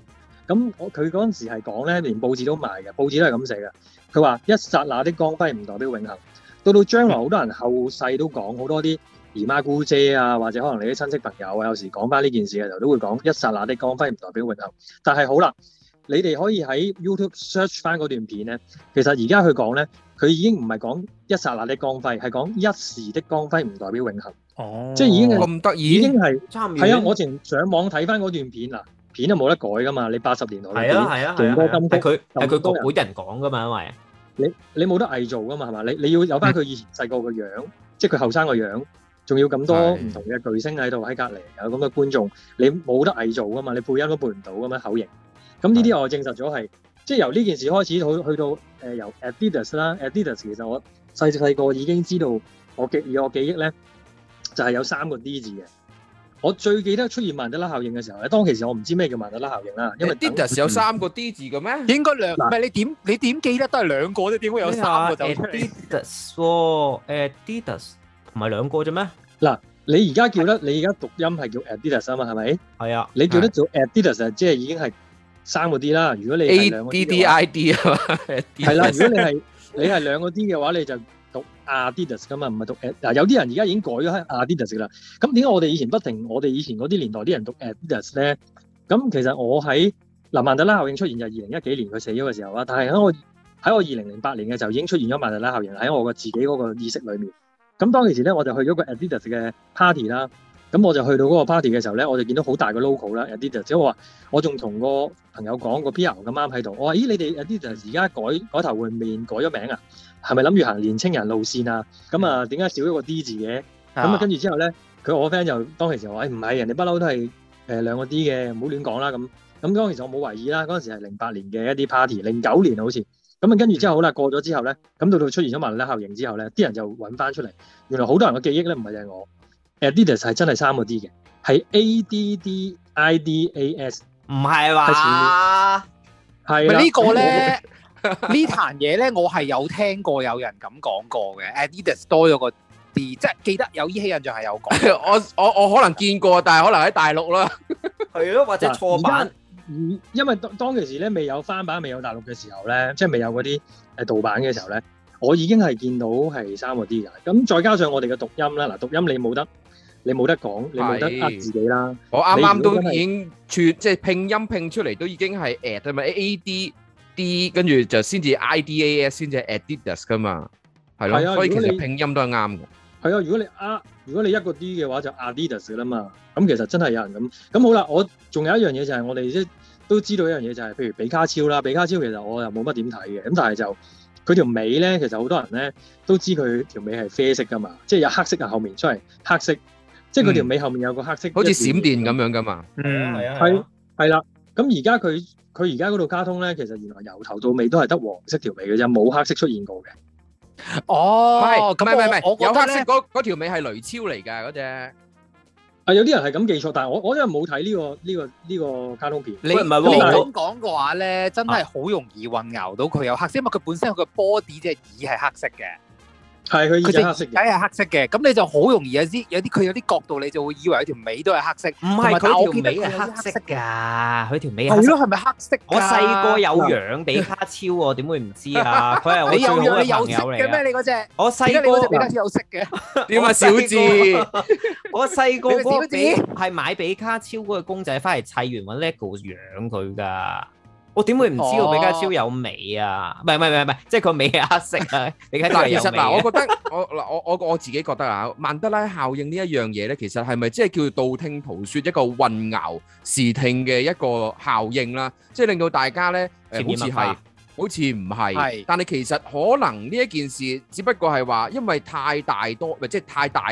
S4: 咁我佢嗰陣時係講咧，連報紙都賣嘅，報紙都係咁寫嘅。佢話一剎那的光輝唔代表永恆，到到將來好多人後世都講好多啲姨媽姑姐啊，或者可能你啲親戚朋友啊，有時講翻呢件事嘅時候都會講一剎那的光輝唔代表永恆。但係好啦，你哋可以喺 YouTube search 翻嗰段片咧，其實而家佢講咧，佢已經唔係講一剎那的光輝，係講一時的光輝唔代表永恆。哦，即係已經咁得意，已經係差唔多啊！我前上網睇翻嗰段片，片有啊，片都冇得改噶嘛，你八十年代係啊係啊係啊，係佢係佢個好多人講噶嘛，因為。你你冇得偽造噶嘛，係嘛？你你要有返佢以前細個個樣， 即係佢後生個樣，仲要咁多唔同嘅巨星喺度喺隔離，有咁嘅觀眾，你冇得偽造噶嘛？你配音都配唔到咁樣口型。咁呢啲我證實咗係， 即係由呢件事開始去去到、呃、由 Adidas 啦，Adidas 其實我細細個已經知道我，我記以我記憶咧，就係、是、有三個 D 字嘅。我最記得出現曼德拉效應嘅時候咧，當其時我唔知咩叫曼德拉效應啦，因為 Adidas 有三個 d 字嘅咩？應該兩，唔係，你點你點記得都係兩個嘅，點會有三個就出嚟 Adidas，Adidas 唔係兩個啫咩？嗱，你而家叫得你而家讀音係叫 Adidas 啊嘛，係咪？係啊，你叫得做 Adidas、啊、即係已經係三個 d 啦。如果你係兩個 d, D-I-D 啊嘛，係啦。如果你係你係兩個 d 嘅話，你就。Adidas 噶嘛，唔係讀 ad 嗱。有啲人而家已經改咗喺 Adidas 噶啦。咁點解我哋以前不停，我哋以前嗰啲年代啲人讀 Adidas 咧？咁其實我喺嗱、呃、曼德拉效應出現就二零一幾年佢死咗嘅時候啦。但係喺我喺我二零零八年嘅時候已經出現咗曼德拉效應喺我嘅自己嗰個意識裏面。咁當其時咧，我就去咗個 Adidas 嘅 party 啦。咁我就去到嗰個 party 嘅時候咧，我就見到好大嘅 logo 啦，Adidas。即係我話我仲同個朋友講個 PR 咁啱喺度。我話咦，你哋 Adidas 而家改頭改頭換面，改咗名啊？係咪諗住行年青人路線啊？咁啊，點解少咗個 D 字嘅？咁、嗯、啊，跟住之後咧，佢我 friend 就當其時話：，誒唔係，人哋不嬲都係誒兩個 D 嘅，唔好亂講啦。咁咁，當其時我冇懷疑啦。嗰陣時係零八年嘅一啲 party，零九年好似。咁啊，跟住之後好啦、嗯，過咗之後咧，咁到到出現咗曼德拉效應之後咧，啲人就揾翻出嚟，原來好多人嘅記憶咧，唔係淨係我，Adidas 係真係三個 D 嘅，係 A D D I D A S，唔係話係啊？咪呢個咧？
S1: 呢壇
S3: 嘢咧，我係有聽過有人咁講過嘅，Adidas 多咗個 d，即係記得
S4: 有依稀印象係有講。
S2: 我我我可能見過，但係可能喺大陸啦，
S4: 係咯，或者錯版。嗯，因為當當其時咧未有翻版，未有大陸嘅時候咧，即係未有嗰啲誒盜版嘅時候咧，我已經係見到係三個 d 噶咁再加上我哋嘅讀音啦，嗱讀音你冇得，你冇得講，你冇得呃自己啦。我啱啱都已經撮，
S2: 即係拼音拼出嚟，都已經係 at 咪 A D。啲跟住就先至 I D A S 先至 Adidas 噶嘛，係咯、啊，所以其實拼音都係啱嘅。
S4: 係啊，如果你啊如果你一個 D 嘅話就 Adidas 啦嘛。咁其實真係有人咁。咁好啦，我仲有一樣嘢就係我哋即都知道一樣嘢就係譬如比卡超啦，比卡超其實我又冇乜點睇嘅。咁但係就佢條尾咧，其實好多人咧都知佢條尾係啡色噶嘛，即係有黑色喺後面出嚟黑色，即係佢條尾後面有個黑色、嗯。好似閃電咁樣噶嘛。
S5: 嗯，係
S4: 係啦。咁而家佢佢而家嗰度卡通咧，其實原來由頭到尾都係得黃色條尾嘅啫，冇黑色出現過嘅。哦，唔係唔係唔係，我覺得咧有黑色，嗰嗰條尾係雷超嚟㗎嗰隻。啊，有啲人係咁記錯，但係我我真係冇睇呢個呢個呢個卡通片。你唔係你咁
S2: 講嘅話咧，真
S3: 係
S4: 好容易混淆到佢有黑色，因為佢
S3: 本身佢 body 即係耳係黑色嘅。係佢耳仔黑色，佢耳仔係黑色嘅，咁你就好容易有啲有啲佢有啲角度，你就會以為佢條尾都係黑色，唔係佢條尾係黑色噶，
S1: 佢條尾係咯，係咪
S3: 黑色？我細個有養比卡
S1: 超喎，點會唔知啊？佢係我最勁嘅朋友嚟嘅咩？你嗰隻我細個有色嘅，點啊小智？我細個嗰個小智係買比卡超嗰個公仔返嚟砌完揾 Lego 養佢噶。我點會唔知道比卡超有尾啊？唔係唔係唔係唔係，即係佢尾係黑色啊！比卡超嘅尾。其實嗱，我覺得
S2: 我嗱我我我自己覺得啊，曼德拉效應呢一樣嘢咧，其實係咪即係叫做道聽途說一個混淆視聽嘅一個效應啦？即係令到大家咧誒好似係好似唔係，係，但係其實可能呢一件事只不過係話，因為太大多，唔係即係太大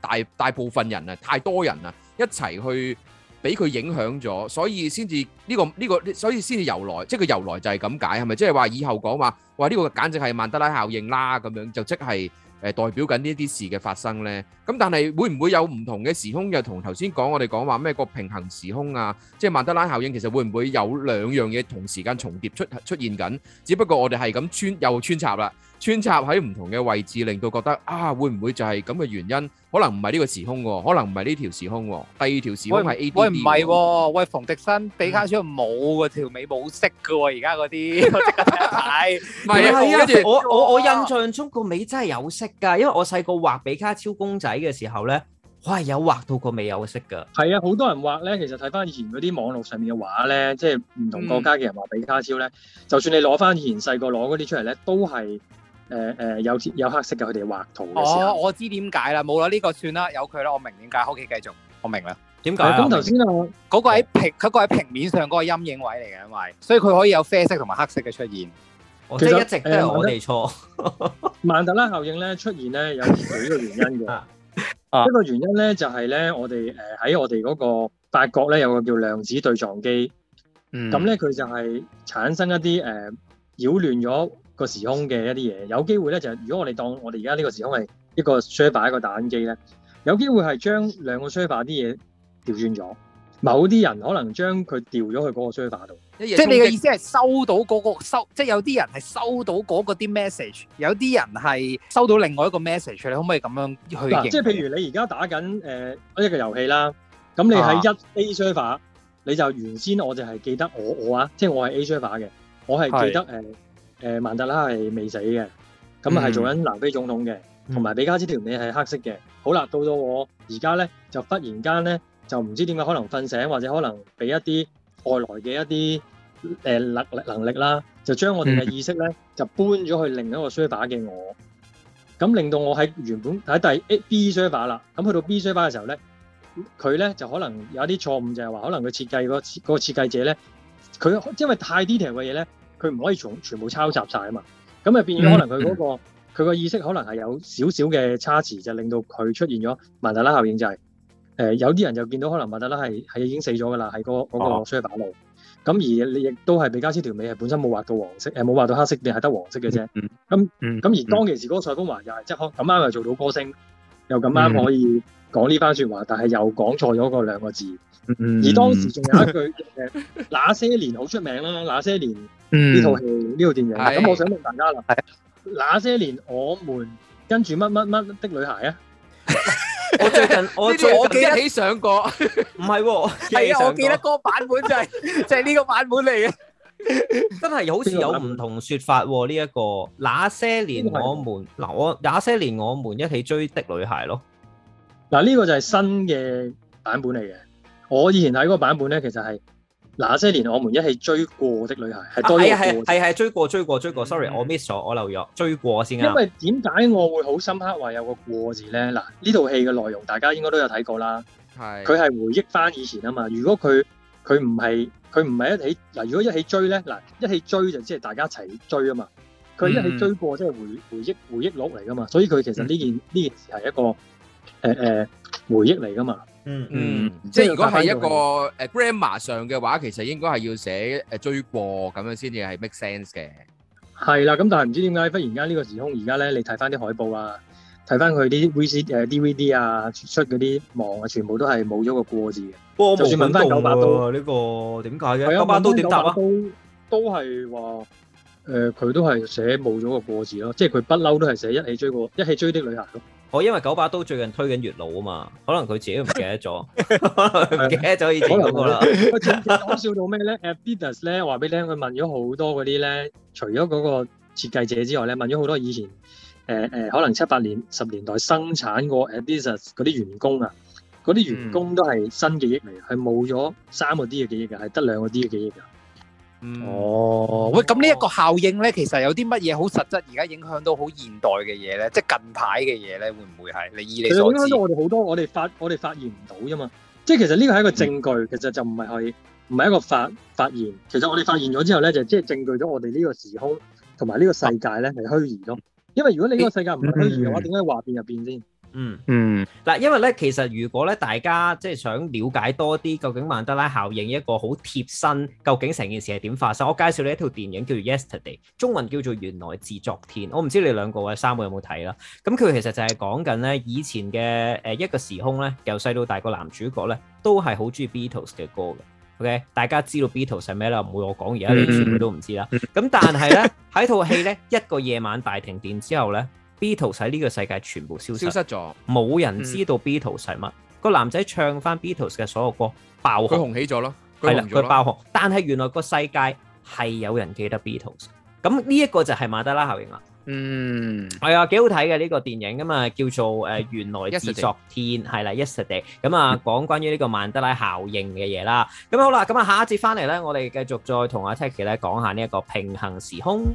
S2: 大大部分人啊，太多人啊一齊去。被畀佢影響咗，所以先至、呢個呢個、所以先至由來，即、就、係、是、由來就係咁解，係咪？即係話以後講話話呢個簡直係曼德拉效應啦，咁樣就即係代表緊呢啲事嘅發生呢。但係會唔會有唔同嘅時空？又同頭先講我哋講話咩個平行時空啊？即、就、係、是、曼德拉效應，其實會唔會有兩樣嘢同時間重疊出出現緊？只不過我哋係咁穿又穿插啦。穿插喺唔同嘅位置，令到覺得啊，會唔會就係咁嘅原因？可能唔係呢個時空，可能唔係呢條時空。第二條時空係 A、喂唔係
S3: 喎，喂馮、哦、迪生，
S1: 比卡超冇個條尾冇色
S3: 噶喎，而家嗰啲係唔係啊？
S1: 我我我，我，我印象中個尾真係有色㗎，因為我細個畫比卡超公仔嘅
S4: 時候咧，我係有畫到個尾有色㗎。係啊，好多人畫咧，其實睇翻以前嗰啲網絡上面嘅畫咧，即係唔同國家嘅人畫比卡超咧、嗯，就算你攞翻以前細個攞嗰啲出嚟咧，都係。誒、呃、誒、呃，有有黑色嘅，佢哋畫圖、哦、我
S3: 知點解啦，冇啦，呢、這個算啦，有佢啦，我明點解，O K，繼續，
S4: 我明啦，點解？咁頭先咧，嗰個喺平，嗯嗰個喺平，嗰個、
S3: 平面上嗰個陰影位嚟嘅，因為所以佢可以有啡色同埋黑色嘅出現，哦、其實一直都係我哋
S4: 錯、呃。曼德 拉效應咧出現咧有幾個原因嘅、 啊，一個原因咧就係、是、咧我哋誒喺我哋嗰個法國咧有個叫量子對撞機，咁咧佢就係產生一啲誒擾亂咗。呃個時空嘅一啲嘢，有機會咧就係如果我哋當我哋而家呢個時空係一個 server 一個打緊機咧，有機會係將兩個 server 啲嘢調轉咗。某啲人可能將佢調咗去嗰個 server 度，
S3: 即係你嘅意思係收到嗰、嗰個收，即係有啲人係收到嗰個啲 message，有啲人係收到另外一個 message，你可唔可以咁樣去、啊？即係譬如你
S4: 而家打緊誒、呃、一個遊戲啦，咁你喺一 A server，你就原先我就係記得我我啊，即係我係 A server 嘅，我係記得誒。誒、呃、曼德拉係未死嘅，咁係做緊南非總統嘅，同、嗯、埋比卡超條尾係黑色嘅、嗯，好啦，到到我而家咧就忽然間咧就唔知點解可能瞓醒，或者可能俾一啲外來嘅一啲誒能力能力啦，就將我哋嘅意識咧就搬咗去另一個 server 嘅我，咁、嗯、令到我喺原本喺第 A B server 啦，咁去到 B server 嘅時候咧，佢咧就可能有啲錯誤，就係、是、話可能佢設計個、那個設計者咧，佢因為太 detail 嘅嘢咧。佢唔可以從全部抄襲晒啊嘛，咁啊變咗可能佢嗰、那個佢個 意識可能係有少少嘅差池，就是、令到佢出現咗曼德拉效應，就係誒有啲人就見到可能曼德拉係係已經死咗噶啦，係、那個嗰、那個落水板路，咁、啊、而你亦都係比卡超條尾係本身冇畫到黃色，誒、呃、冇畫到黑色，定係得黃色嘅啫，咁咁 而當其時嗰個蔡楓華又係即係咁啱又做到歌星，又咁啱可以。 講呢番說話，但係又講錯咗個兩個字、嗯。而當時仲有一句誒， 那很《那些年》好出名啦，《那些年》呢套戲、呢套電影。咁、嗯、我想問大家啦，《那些年，我們跟住乜乜乜的女孩》啊？ 我最近我記起、啊、我記得上過。唔係喎，係啊！我記得
S3: 嗰版本就係、是、就係、是、呢個版本嚟嘅。
S1: 真係好似有唔同說法喎、啊，呢、這、一個《那些年我，我們嗱我那些年，我們一起追的女孩》咯。
S4: 嗱，呢個就係新嘅版本嚟嘅。我以前睇嗰個版本咧，其實係《那些年我們一起追過的女孩》係多一個，係、啊、係追過追過追
S1: 過。Sorry，、嗯、I 我 miss 咗，我漏咗追過先、啊、因為
S4: 點解我會好深刻話有個過字咧？嗱，呢套戲嘅內容大家應該都有睇過啦。係佢係回憶返以前啊嘛。如果佢佢唔係佢唔係一起嗱，如果一起追咧嗱，一，就就一起追就即係大家一齊追啊嘛。佢一起追過即係回、嗯、回憶回憶錄嚟㗎嘛。所以佢其實呢件呢、嗯、件事係一個。誒、呃、誒，回憶嚟噶嘛？嗯嗯，
S2: 即係如果係一個誒 grammar 上嘅話，其實應該係要寫誒追過咁樣先至係 make sense 嘅。
S4: 係啦，咁但係唔知點解忽然間呢個時空而家咧，你睇翻啲海報啊，睇翻佢啲 V C 誒 D V D 啊，出嗰啲忙啊，全部都係冇咗個過字嘅。不過就算問翻九把刀啊，這個、呢個點解嘅？九把刀點答啊？
S1: 呃、都係話
S4: 誒，佢都係寫冇咗個過字咯，即係佢不嬲都係寫一起追過一起追的旅行咯。
S1: 我、oh, 因為九把刀最近推緊月老啊嘛，可能佢自己都唔記得咗，唔 記得咗以前嗰個啦。
S4: 講， 笑到咩咧？Adidas 咧話俾你聽，佢問咗好多嗰啲咧，除咗嗰個設計者之外咧，問咗好多以前誒誒、呃，可能七八年、十年代生產過 Adidas 嗰啲員工啊，嗰啲員工都係新記憶嚟，係冇咗三個 D 嘅記憶㗎，係得兩個 D 嘅記憶㗎。嗯、哦，喂，咁呢一個效應咧，其實有啲乜嘢好
S3: 實質，而家影響到好現代嘅嘢咧，即近排嘅嘢咧，會唔會係？你依你所知，佢影響到我
S4: 哋好多我，我哋發我哋發現唔到啫嘛。即係其實呢個係一個證據，嗯、其實就唔係係唔係一個發發現。其實我哋發現咗之後咧，就即、是、係證據咗我哋呢個時空同埋呢個世界咧係虛擬囉。因為如果你呢個世界唔係虛擬嘅話，點解話變入邊先？嗯嗯，嗱、
S1: 嗯，因為咧，其實如果咧，大家即係想了解多啲，究竟曼德拉效應一個好貼身，究竟成件事係點發生？我介紹你一套電影，叫做 Yesterday，中文叫做《原來自昨天》。我唔知你兩個啊，三個有冇睇啦？咁佢其實就係講緊咧，以前嘅誒一個時空咧，由細到大，個男主角咧都係好中意 Beatles 嘅歌嘅。OK，大家知道 Beatles 係咩啦？唔會我講而家你全部都唔知啦。咁但係咧喺套戲咧，一個夜晚大停電之後咧。Beatles 喺呢個世界全部消失，消失咗，冇人知道 Beatles 係乜。個男仔唱翻 Beatles 嘅所有歌，爆紅。佢紅起咗咯，係啦，佢爆紅。但係原來個世界係有人記得 Beatles，咁呢一個就係曼德拉效應啦。嗯，係啊，幾好睇嘅呢個電影咁啊，叫做誒原來是昨天，係啦 Yesterday。咁啊，講關於呢個曼德拉效應嘅嘢啦。咁好啦，咁啊下一節翻嚟咧，我哋繼續再同阿 Tecki 咧講下呢一個平行時空。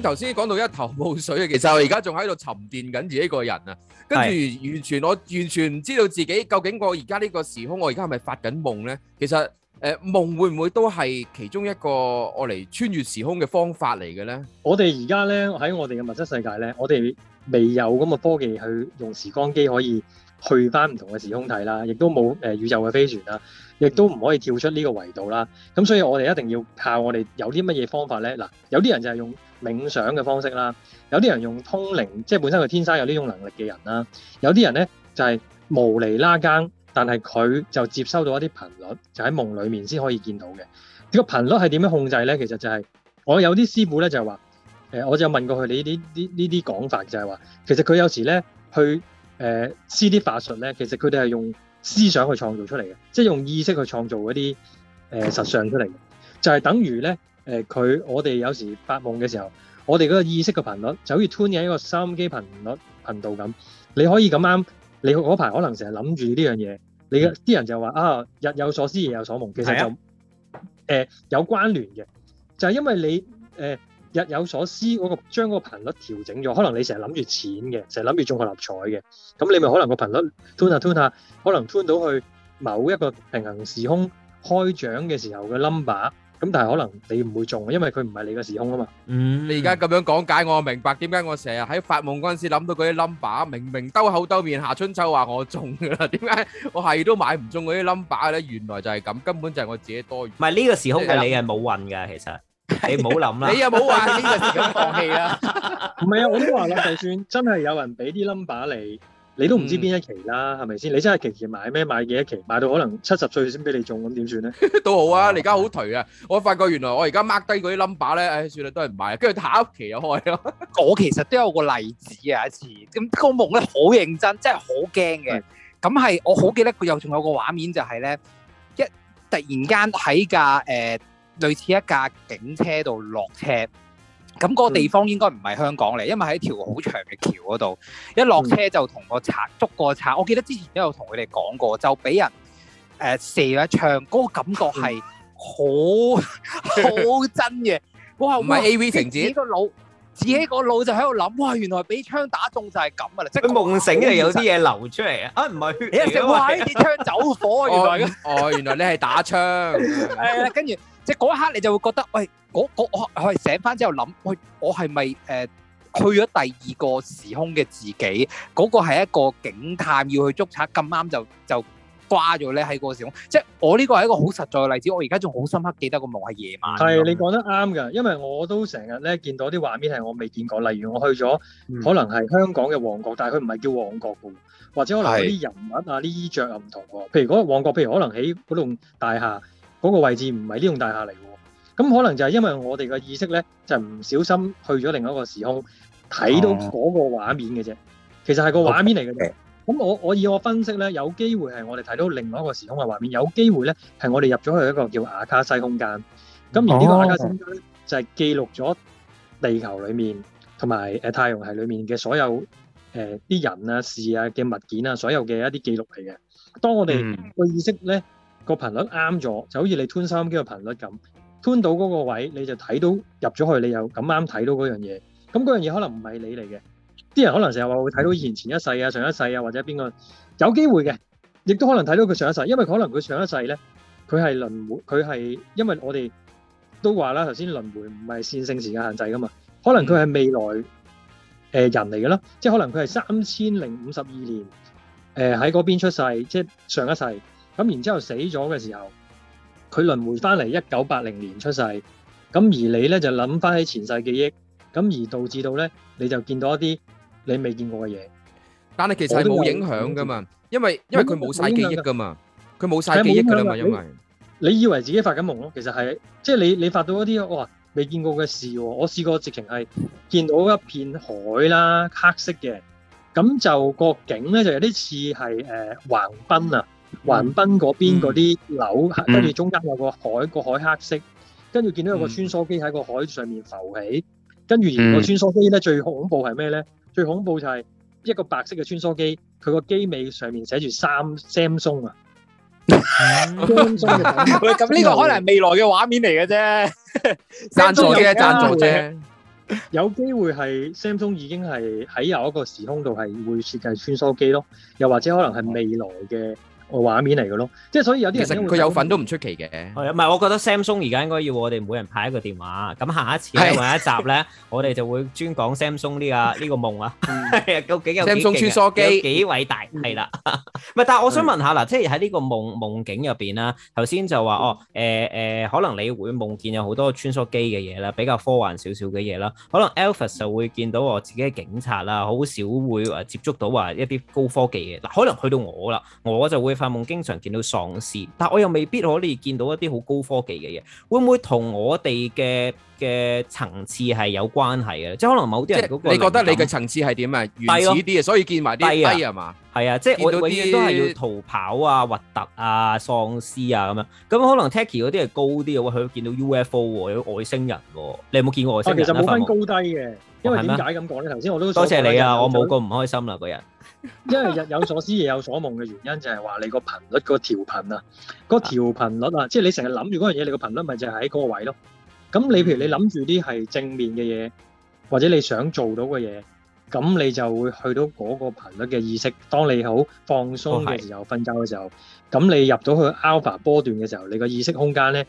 S2: 頭先講到一頭霧水啊，其實我而家仲喺度沉澱緊自己個人啊，跟住完全我完全唔知道自己究竟我而家呢個時空，我而家係咪發緊夢呢？其實誒、呃，夢會唔會都係其中一個我嚟穿越
S4: 時空嘅方法嚟嘅呢？我哋而家呢喺我哋嘅物質世界呢，我哋未有咁嘅科技去用時光機可以去翻唔同嘅時空睇啦，亦都冇誒、呃、宇宙嘅飛船啦。亦都唔可以跳出呢個維度啦，咁所以我哋一定要靠我哋有啲乜嘢方法咧。嗱，有啲人就係用冥想嘅方式啦，有啲人用通靈，即係本身佢天生有呢種能力嘅人啦。有啲人咧就係無離拉更，但係佢就接收到一啲頻率，就喺夢裡面先可以見到嘅。呢個頻率係點樣控制咧？其實就係我有啲師傅咧就係話，誒，我就問過佢，你呢啲呢啲講法就係話，其實佢有時咧去誒施啲法術咧，其實佢哋係用。思想去創造出嚟嘅，即係用意識去創造嗰啲誒實相出嚟嘅，就係、是、等於咧誒佢我哋有時發夢嘅時候，我哋嗰個意識嘅頻率就好似 tune 緊一個收音機頻率頻道咁，你可以咁啱你嗰排可能成日諗住呢樣嘢，你啲人就話啊日有所思夜有所夢，其實就誒、啊呃、有關聯嘅，就係、是、因為你誒。呃日有所思，我個將個頻率調整咗，可能你成日諗住錢嘅，成日諗住中個六合彩嘅，咁你咪可能個頻率 tune 下 tune 下，可能 tune 到去某一個平行時空開獎嘅時候嘅 number，咁但係可能你唔會中，因為佢唔係你嘅時空啊嘛。嗯，你而家咁樣講解，我明白點解我成日喺發夢嗰陣時諗到嗰啲
S2: number，明明兜口兜面夏春秋話我中噶啦，點解我係都買唔中嗰啲 number
S1: 咧？原來就係咁，根本就係我自己多餘。唔係呢個時空係你係冇運嘅，其實。你唔好
S4: 諗啦，你又冇話呢個時咁放棄啦。唔係啊，我都話啦，就算真係有人俾啲 number 你，你都唔知邊一期啦，係咪先？你真係期期買咩買幾一期，買到可能七十歲先俾你中，咁點算咧？都好啊，你而家好頹啊！我發覺原來我而家 mark 低嗰啲 number
S2: 咧，唉，算啦，都係唔買啦。跟住下一期又開咯。我其實都有個例子啊，一次咁
S3: 個夢咧好認真，真係好驚嘅。咁係我好記得佢又仲有個畫面就係咧，一突然間喺架誒。類似一架警車度落車，咁嗰個地方應該唔係香港嚟，因為喺條好長嘅橋嗰度，一落車就同個賊捉個賊。我記得之前都有同佢哋講過，就俾人誒射咗一槍，嗰個感覺係好好真嘅。哇，唔係 A V 成自己個腦，自己個腦就喺度諗，哇原來俾槍打中就係咁噶啦，即係佢
S1: 夢醒係有啲嘢流出嚟啊，唔係血嘅喎，哇，啲
S3: 槍走火，原
S2: 來哦，原來你係打槍，係啦，
S3: 跟住。即係嗰一刻，你就會覺得，喂，嗰嗰我我係醒翻之後諗，喂，我係咪誒去咗第二個時空嘅自己？嗰個係一個警探要去捉賊，咁啱就就掛咗咧喺個時空。
S4: 即係我呢個係一個好實在嘅例子，我而家仲好深刻記得個夢係夜晚。係你講得啱㗎，因為我都成日咧見到啲畫面係我未見過，例如我去咗可能係香港嘅旺角，但係佢唔係叫旺角嘅，或者可能啲人物啊、啲衣著又唔同喎。譬如嗰個旺角，譬如可能喺嗰棟大廈。嗰個位置唔係呢種大廈嚟㗎，咁可能就係因為我哋嘅意識咧，就唔小心去咗另一個時空，睇到嗰個畫面嘅啫。其實係個畫面嚟嘅啫。咁我我以我分析咧，有機會係我哋睇到另一個時空嘅畫面，有機會咧係我哋入咗去一個叫亞卡西空間。咁而呢個亞卡西空間咧，就係記錄咗地球裡面同埋誒太陽系裡面嘅所有誒啲人啊、事啊嘅物件啊，所有嘅一啲記錄嚟嘅。當我哋個意識咧，個頻率啱咗，就好似你吞三機嘅頻率咁，吞到嗰個位，你就睇到入咗去，你又咁啱睇到嗰樣嘢。咁嗰樣嘢可能唔係你嚟嘅，啲人可能成日話會睇到以前前一世啊、上一世啊，或者邊個有機會嘅，亦都可能睇到佢上一世，因為可能佢上一世咧，佢係輪迴，佢係，因為我哋都話啦，頭先輪迴唔係線性時間限制噶嘛，可能佢係未來、呃、人嚟嘅啦，即可能佢係三千零五十二年誒喺嗰邊出世，即係上一世。咁然之後死咗嘅時候，佢輪迴翻嚟一九八零年出世。咁而你咧就諗翻起前世記憶，咁而導致到咧你就見到一啲你未見過嘅嘢。但係其實都冇影響噶嘛，
S2: 因為因為佢冇曬記憶噶嘛，
S4: 佢冇曬記憶噶啦嘛。因為你以為自己發緊夢咯，其實係即係你你發到一啲哇未見過嘅事。我試過直情係見到一片海啦，黑色嘅。咁就個景咧就有啲似係誒橫濱啊。橫濱嗰邊嗰啲樓，跟、嗯、住、嗯、中間有個海、嗯，個海黑色，跟住見到有個穿梭機喺個海上面浮起，跟住個穿梭機咧最恐怖係咩咧？最恐怖就係一個白色嘅穿梭機，佢個機尾上面寫住三 Samsung 啊！咁呢 個可能係未來嘅畫面嚟嘅啫，贊助啫，贊助啫、啊，有機會係 Samsung 已經係喺有一個時空度係會設計穿梭機咯，又或者可能係未來嘅。個畫面嚟嘅咯，即係所以有啲其實佢有份都唔出奇嘅。
S1: 係啊，唔係我覺得 Samsung 而家應該要我哋每人派一個電話。咁下一次咧，下一集咧，我哋就會專講 Samsung 呢個呢個夢啊。究 竟，嗯、有 Samsung 穿梭機幾偉大。係啦，唔 但係我想問下啦，即係喺呢個夢夢境入邊啦，頭先就話哦，誒、呃、誒、呃，可能你會夢見有好多穿梭機嘅嘢啦，比較科幻少少嘅嘢啦。可能 Alvis 就會見到我自己係警察啦，好少會誒接觸到話一啲高科技嘅。嗱，可能去到我啦，我就會。發夢經常見到喪屍，但我又未必可以見到一啲好高科技嘅嘢，會唔會同我哋嘅嘅層次係有關係嘅？即係可能某啲人嗰個，你覺得你嘅層次係點啊？原始啲咯，所以見埋啲低啊嘛。係啊，啊，啊，即係我哋啲都係要逃跑啊、核突啊、喪屍啊咁樣。咁可能 Taki 嗰啲係高啲嘅，佢見到 UFO 有、啊、外星人、啊，你有冇見過外星人、啊啊？其實冇分高
S4: 低嘅，因為點解咁講咧？頭先我都多謝你啊，我冇咁
S1: 唔開心啦、啊，嗰日。
S4: 因為日有所思夜有所夢嘅原因就係話你個頻率、個頻率、個調頻啊，個調頻率啊，即係你成日諗住嗰樣嘢，你個頻率咪就係喺嗰個位咯。咁你譬如你諗住啲係正面嘅嘢，或者你想做到嘅嘢，咁你就會去到嗰個頻率嘅意識。當你好放鬆嘅時，時候，瞓覺嘅時候，咁你入到去 alpha 波段嘅時候，你個意識空間咧。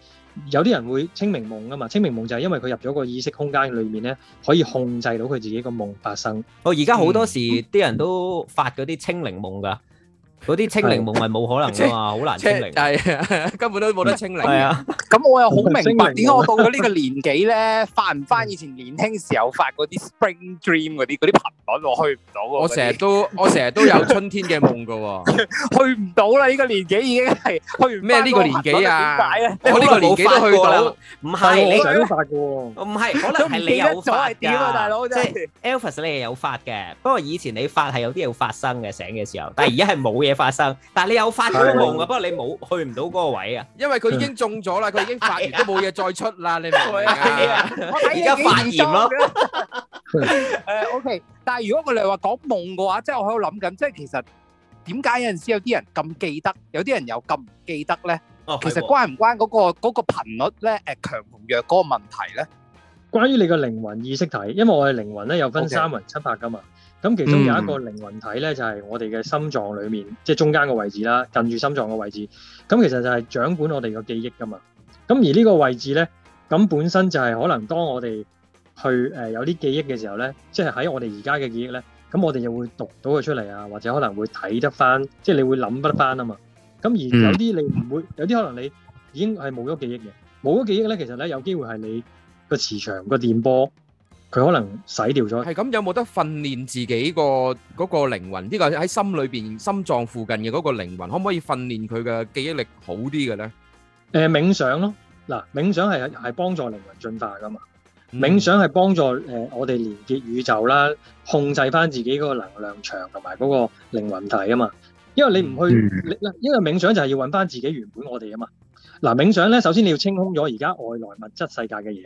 S4: 有啲人會清明夢啊嘛，清明夢就係因為佢入咗個意識空間裏面呢，可以控制到佢自己個夢發生。哦，而家好多時啲、嗯、人都發嗰啲清明夢㗎。嗰啲清零夢係冇可能噶嘛，好 難清零，係啊，
S3: 根本都冇得清零。啊，咁我又好明白點解我到咗呢個年紀咧， 發唔翻以前年輕時候發嗰啲 Spring Dream 嗰啲啲頻率，我去唔到喎。我成日都
S2: 我成日都有春天嘅夢噶喎、啊， 去唔
S3: 到啦！呢、呢個年紀已經係
S2: 去
S1: 唔咩呢個年紀啊？我呢個年紀都去到，唔係你想發噶喎，唔係可能係你有係、啊、大佬即係 Elvis 咧有發嘅，不過以前你發係有啲嘢發生嘅醒嘅時候，但係而家係冇嘢。發生，但係你有發過夢噶，不過你冇去唔到嗰個位啊，因為佢已經
S2: 中咗啦，佢已經發完都冇嘢再出啦，你明唔明啊？
S1: 而家發炎咯。
S2: 誒，OK，但係如果我哋話講夢嘅話，
S3: 即係我喺度諗緊，即係其實點解有陣時有啲人咁記得，有啲人又咁唔記得咧？哦，其實關唔關嗰個嗰個頻率咧？誒，強同弱嗰個問題咧？
S4: 關於你嘅靈魂意識體，因為我係靈魂咧，有分三魂七魄噶嘛。咁其中有一個靈魂體咧，就係、是、我哋嘅心臟裏面，即、嗯、係、就是、中間位位個位置啦，近住心臟嘅位置。咁其實就係掌管我哋嘅記憶㗎嘛。咁而呢個位置咧，咁本身就係可能當我哋去、呃、有啲記憶嘅時候咧，即係喺我哋而家嘅記憶咧，咁我哋又會讀到佢出嚟啊，或者可能會睇得返，即、就、係、是、你會諗得返啊嘛。咁而有啲你唔會，嗯、有啲可能你已經係冇咗記憶嘅，冇咗記憶咧，其實咧有機會係你個磁場個電波。佢可能洗掉咗，係咁有冇得訓練自己個嗰個
S2: 靈魂？呢、這個喺心裏邊、心臟附近嘅嗰個靈魂，可唔可以訓練佢嘅記憶力好
S4: 啲嘅咧？誒、呃，冥想咯，嗱、啊，冥想係係幫助靈魂進化噶嘛。冥想係幫助誒、呃、我哋連結宇宙啦，控制翻自己嗰個能量場同埋嗰個靈魂體啊嘛。因為你唔去，嗱、嗯，因為冥想就係要搵翻自己原本我哋啊嘛。嗱、啊，冥想咧，首先你要清空咗而家外來物質世界嘅嘢。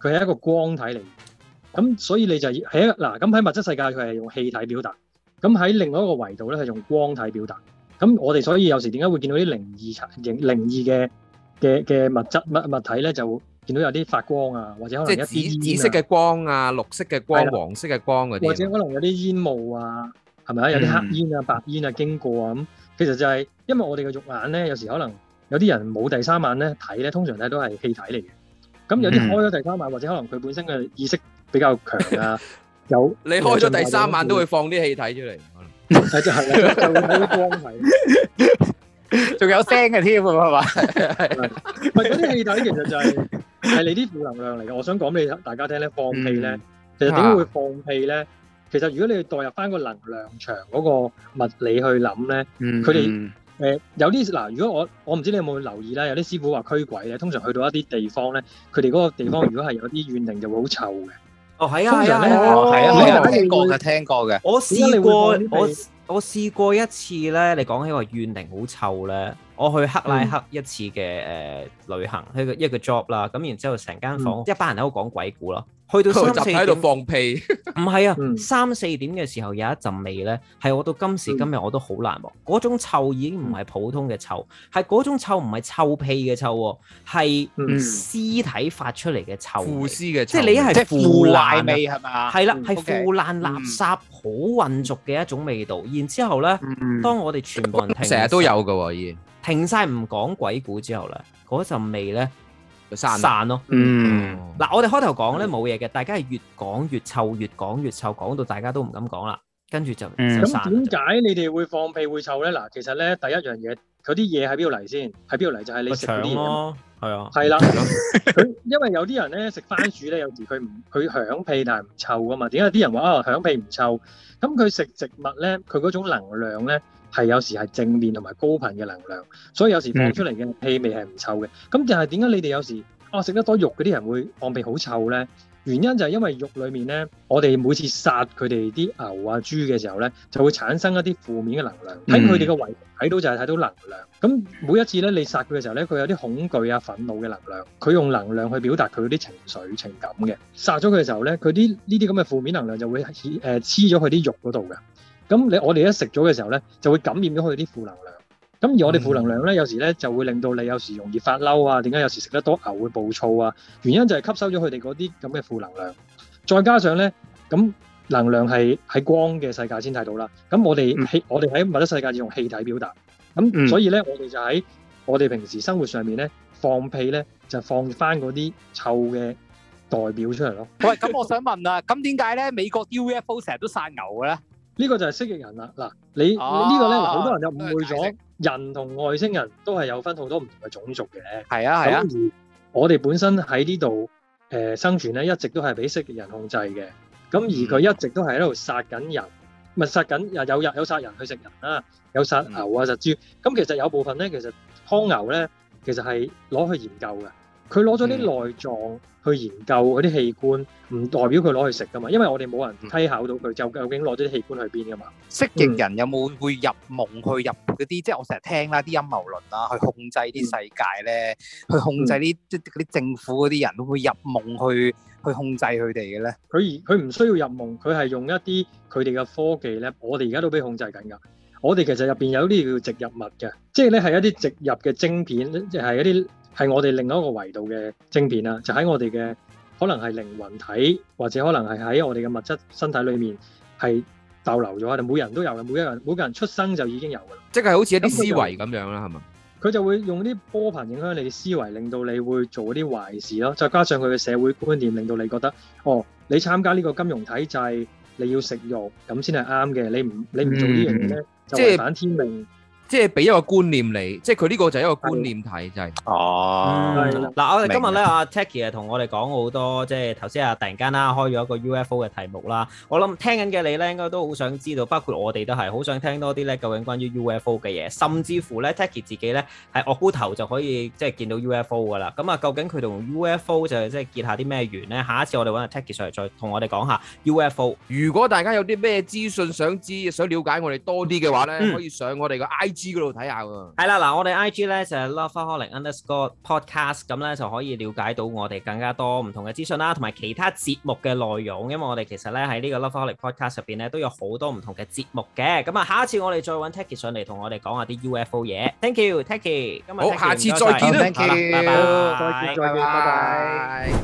S4: 佢係一個光體嚟嘅，咁所以你就要係一嗱咁喺物質世界佢係用氣體表達，咁喺另外一個維度咧係用光體表達。咁我哋所以有時點解會見到啲靈異、靈靈異嘅嘅嘅物質物物體咧，就見到有啲發光啊，或者可能一啲紫色嘅光啊、綠色嘅光、黃色嘅光嗰啲，或者可能有啲煙霧啊，係咪啊？有啲黑煙啊、白煙啊經過啊咁，其實就係因為我哋嘅肉眼咧，有時可能有啲人冇第三眼咧睇咧，通常咧都係氣體嚟嘅。咁有啲開咗第三晚，或者可能佢本身嘅意識比較強啊，有，有 你開咗第三晚都會放啲氣體出嚟，係 就係會睇啲光體，仲 有聲嘅添係嘛？係係係，係嗰啲氣體其實就係、是、係你啲負能量嚟嘅。我想講俾大家聽咧，放氣咧，
S5: 其實點解會
S4: 放氣咧、嗯？其實如果你代入翻個能量場嗰個物理去諗咧，佢哋。誒、呃，有啲嗱、呃，如果我我唔知你有冇留意啦，有啲師傅話驅鬼咧，通常去到一啲地方咧，佢哋嗰個地方如果係有啲怨靈，就會好臭嘅。哦，係啊係啊，係啊，你、哦、有、哦哦哦哦、
S3: 聽過嘅聽過
S1: 嘅。
S4: 我試過我
S1: 我試過一次咧，你講起話怨靈好臭咧，我去克拉克一次嘅誒、呃嗯、旅行，一個、嗯、一個 job 啦，咁然之後成間房一班人喺度講鬼故咯。去到三四點，喺度放屁，唔係 啊！三四點嘅時候有一陣味咧，係我到今時今日我都好難忘。嗰種臭已經唔係普通嘅臭，係、嗯、嗰種臭唔係臭屁嘅臭，係屍體發出嚟嘅臭味，腐屍嘅臭，即係你一係腐爛味係嘛？係啦，係腐爛垃，垃圾好、嗯、混濁嘅一種味道。然之後咧，當我哋全部人聽，成、嗯、日都有噶喎、哦，已經停晒唔講鬼故之後咧，嗰陣味咧。散咯。啊啊，嗯，嗱、嗯，我哋開頭講咧冇嘢嘅，大家係越講越臭，越講越，越臭，講到大家都唔敢講啦，跟住就就散。
S4: 點解你哋會放屁會臭咧？嗱，其實咧第一樣嘢，嗰啲嘢喺邊度嚟先？喺邊度嚟？就係、是、你食嗰啲，係啊，係啦，佢 因為有啲人咧食番薯咧，有時佢唔佢響屁但係唔臭噶嘛？點解啲人話啊響屁唔臭？咁佢食植物咧，佢嗰種能量咧。係有時係正面同埋高頻嘅能量，所以有時放出嚟嘅氣味係唔臭嘅。咁但係點解你哋有時啊食得多肉嗰啲人會放屁好臭呢？原因就係因為肉裡面呢，我哋每次殺佢哋啲牛啊豬嘅時候呢，就會產生一啲負面嘅能量。喺佢哋嘅胃睇到就係睇到能量。咁每一次呢，你殺佢嘅時候呢，佢有啲恐懼啊憤怒嘅能量，佢用能量去表達佢啲情緒情感嘅。殺咗佢嘅時候呢，佢啲呢啲咁嘅負面能量就會誒黐咗佢啲肉嗰度嘅。咁你我哋一食咗嘅時候咧，就會感染咗佢哋啲負能量。咁而我哋負能量咧，有時咧就會令到你有時容易發嬲啊。點解有時食得多牛會暴躁啊？原因就係吸收咗佢哋嗰啲咁嘅負能量。再加上咧，咁能量係喺光嘅世界先睇到啦。咁我哋氣、嗯，我哋喺物質世界就用氣體表達。咁所以咧、嗯，我哋就喺我哋平時生活上面咧放屁咧，就放翻嗰啲臭嘅代表出嚟咯。喂，咁我想問啦，咁點解咧美國
S3: UFO 成日都殺牛嘅咧？呢、這個就係蜥
S4: 蜴人啦！嗱，你、啊這個、呢個咧，好多人就誤會咗人同外星人都係有分好多唔同嘅種族嘅。係啊，係啊。咁而我哋本身喺呢度誒生存咧，一直都係俾蜥蜴人控制嘅。咁、嗯、而佢一直都係喺度殺緊人，咪殺緊有有殺人去食人啦，有殺牛啊，殺、嗯、豬。咁其實有部分咧，其實劏牛咧，其實係攞去研究嘅。佢攞咗啲內臟去研究嗰啲器官，唔、嗯、代表佢攞去食噶嘛？因為我哋冇人稽考到佢、嗯，就究竟攞咗啲器官去邊噶嘛？
S3: 蜥蜴人有冇會入夢去入嗰啲、嗯？即係我成日聽啦，啲陰謀論啊，去控制啲世界咧、嗯，
S4: 去控制啲
S3: 即啲政府嗰啲人、嗯、都會入夢去去
S4: 控制佢哋嘅咧。佢而佢唔需要入夢，佢係用一啲佢哋嘅科技咧。我哋而家都俾控制緊㗎。我哋其實入邊有啲叫植入物嘅，即係咧係一啲植入嘅晶片，即、就、係、是、一啲。係我哋另一個維度嘅正片啦，就喺我哋嘅可能係靈魂體，或者可能係喺我哋嘅物質身體裏面係逗留咗。就每人都有嘅，每一個人每個人出生就已經有嘅。即係好似啲思維咁樣啦，係嘛？佢就會用啲波頻影響你嘅思維，令到你會做啲壞事咯。再加上佢嘅社會觀念，令到你覺得哦，你參加呢個金融體制，你要食肉咁先係啱嘅。你唔你唔做這呢樣嘢咧，就違反天命。即係俾一個觀念你，即係佢呢個就係一個觀
S2: 念睇就係、是。哦、啊，嗱、嗯，我哋今日咧
S1: 阿 Tecki 啊同我哋講好多，即係頭先啊突然間啦開咗一個 UFO 嘅題目啦。我諗聽緊嘅你咧應該都好想知道，包括我哋都係好想聽多啲咧究竟關於 UFO 嘅嘢，甚至乎咧 Tecki 自己咧係擱菇頭就可以即係見到 UFO 噶啦。咁啊，究竟佢同 UFO 就係即係結下啲咩緣咧？下一次我哋揾阿 Tecki 上嚟再同我哋講下 UFO。如果大家有啲咩資訊想知、想
S2: 了解我哋多啲嘅話咧、嗯，可以上我哋個 IG。G 嗰
S1: 度睇下喎，係啦嗱，我哋 I G 咧就係 Lovaholic Underscore Podcast，咁咧就可以瞭解到我哋更加多唔同嘅資訊啦，同埋其他節目嘅內容。因為我哋其實咧喺呢個 Lovaholic Podcast 入邊咧都有好多唔同嘅節目嘅。咁啊，下一次我哋再揾 Tecki 上嚟同我哋講下啲 UFO 嘢。Thank you，Tecki，好，下次再見啦，拜拜，拜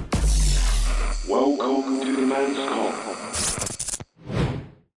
S2: 拜。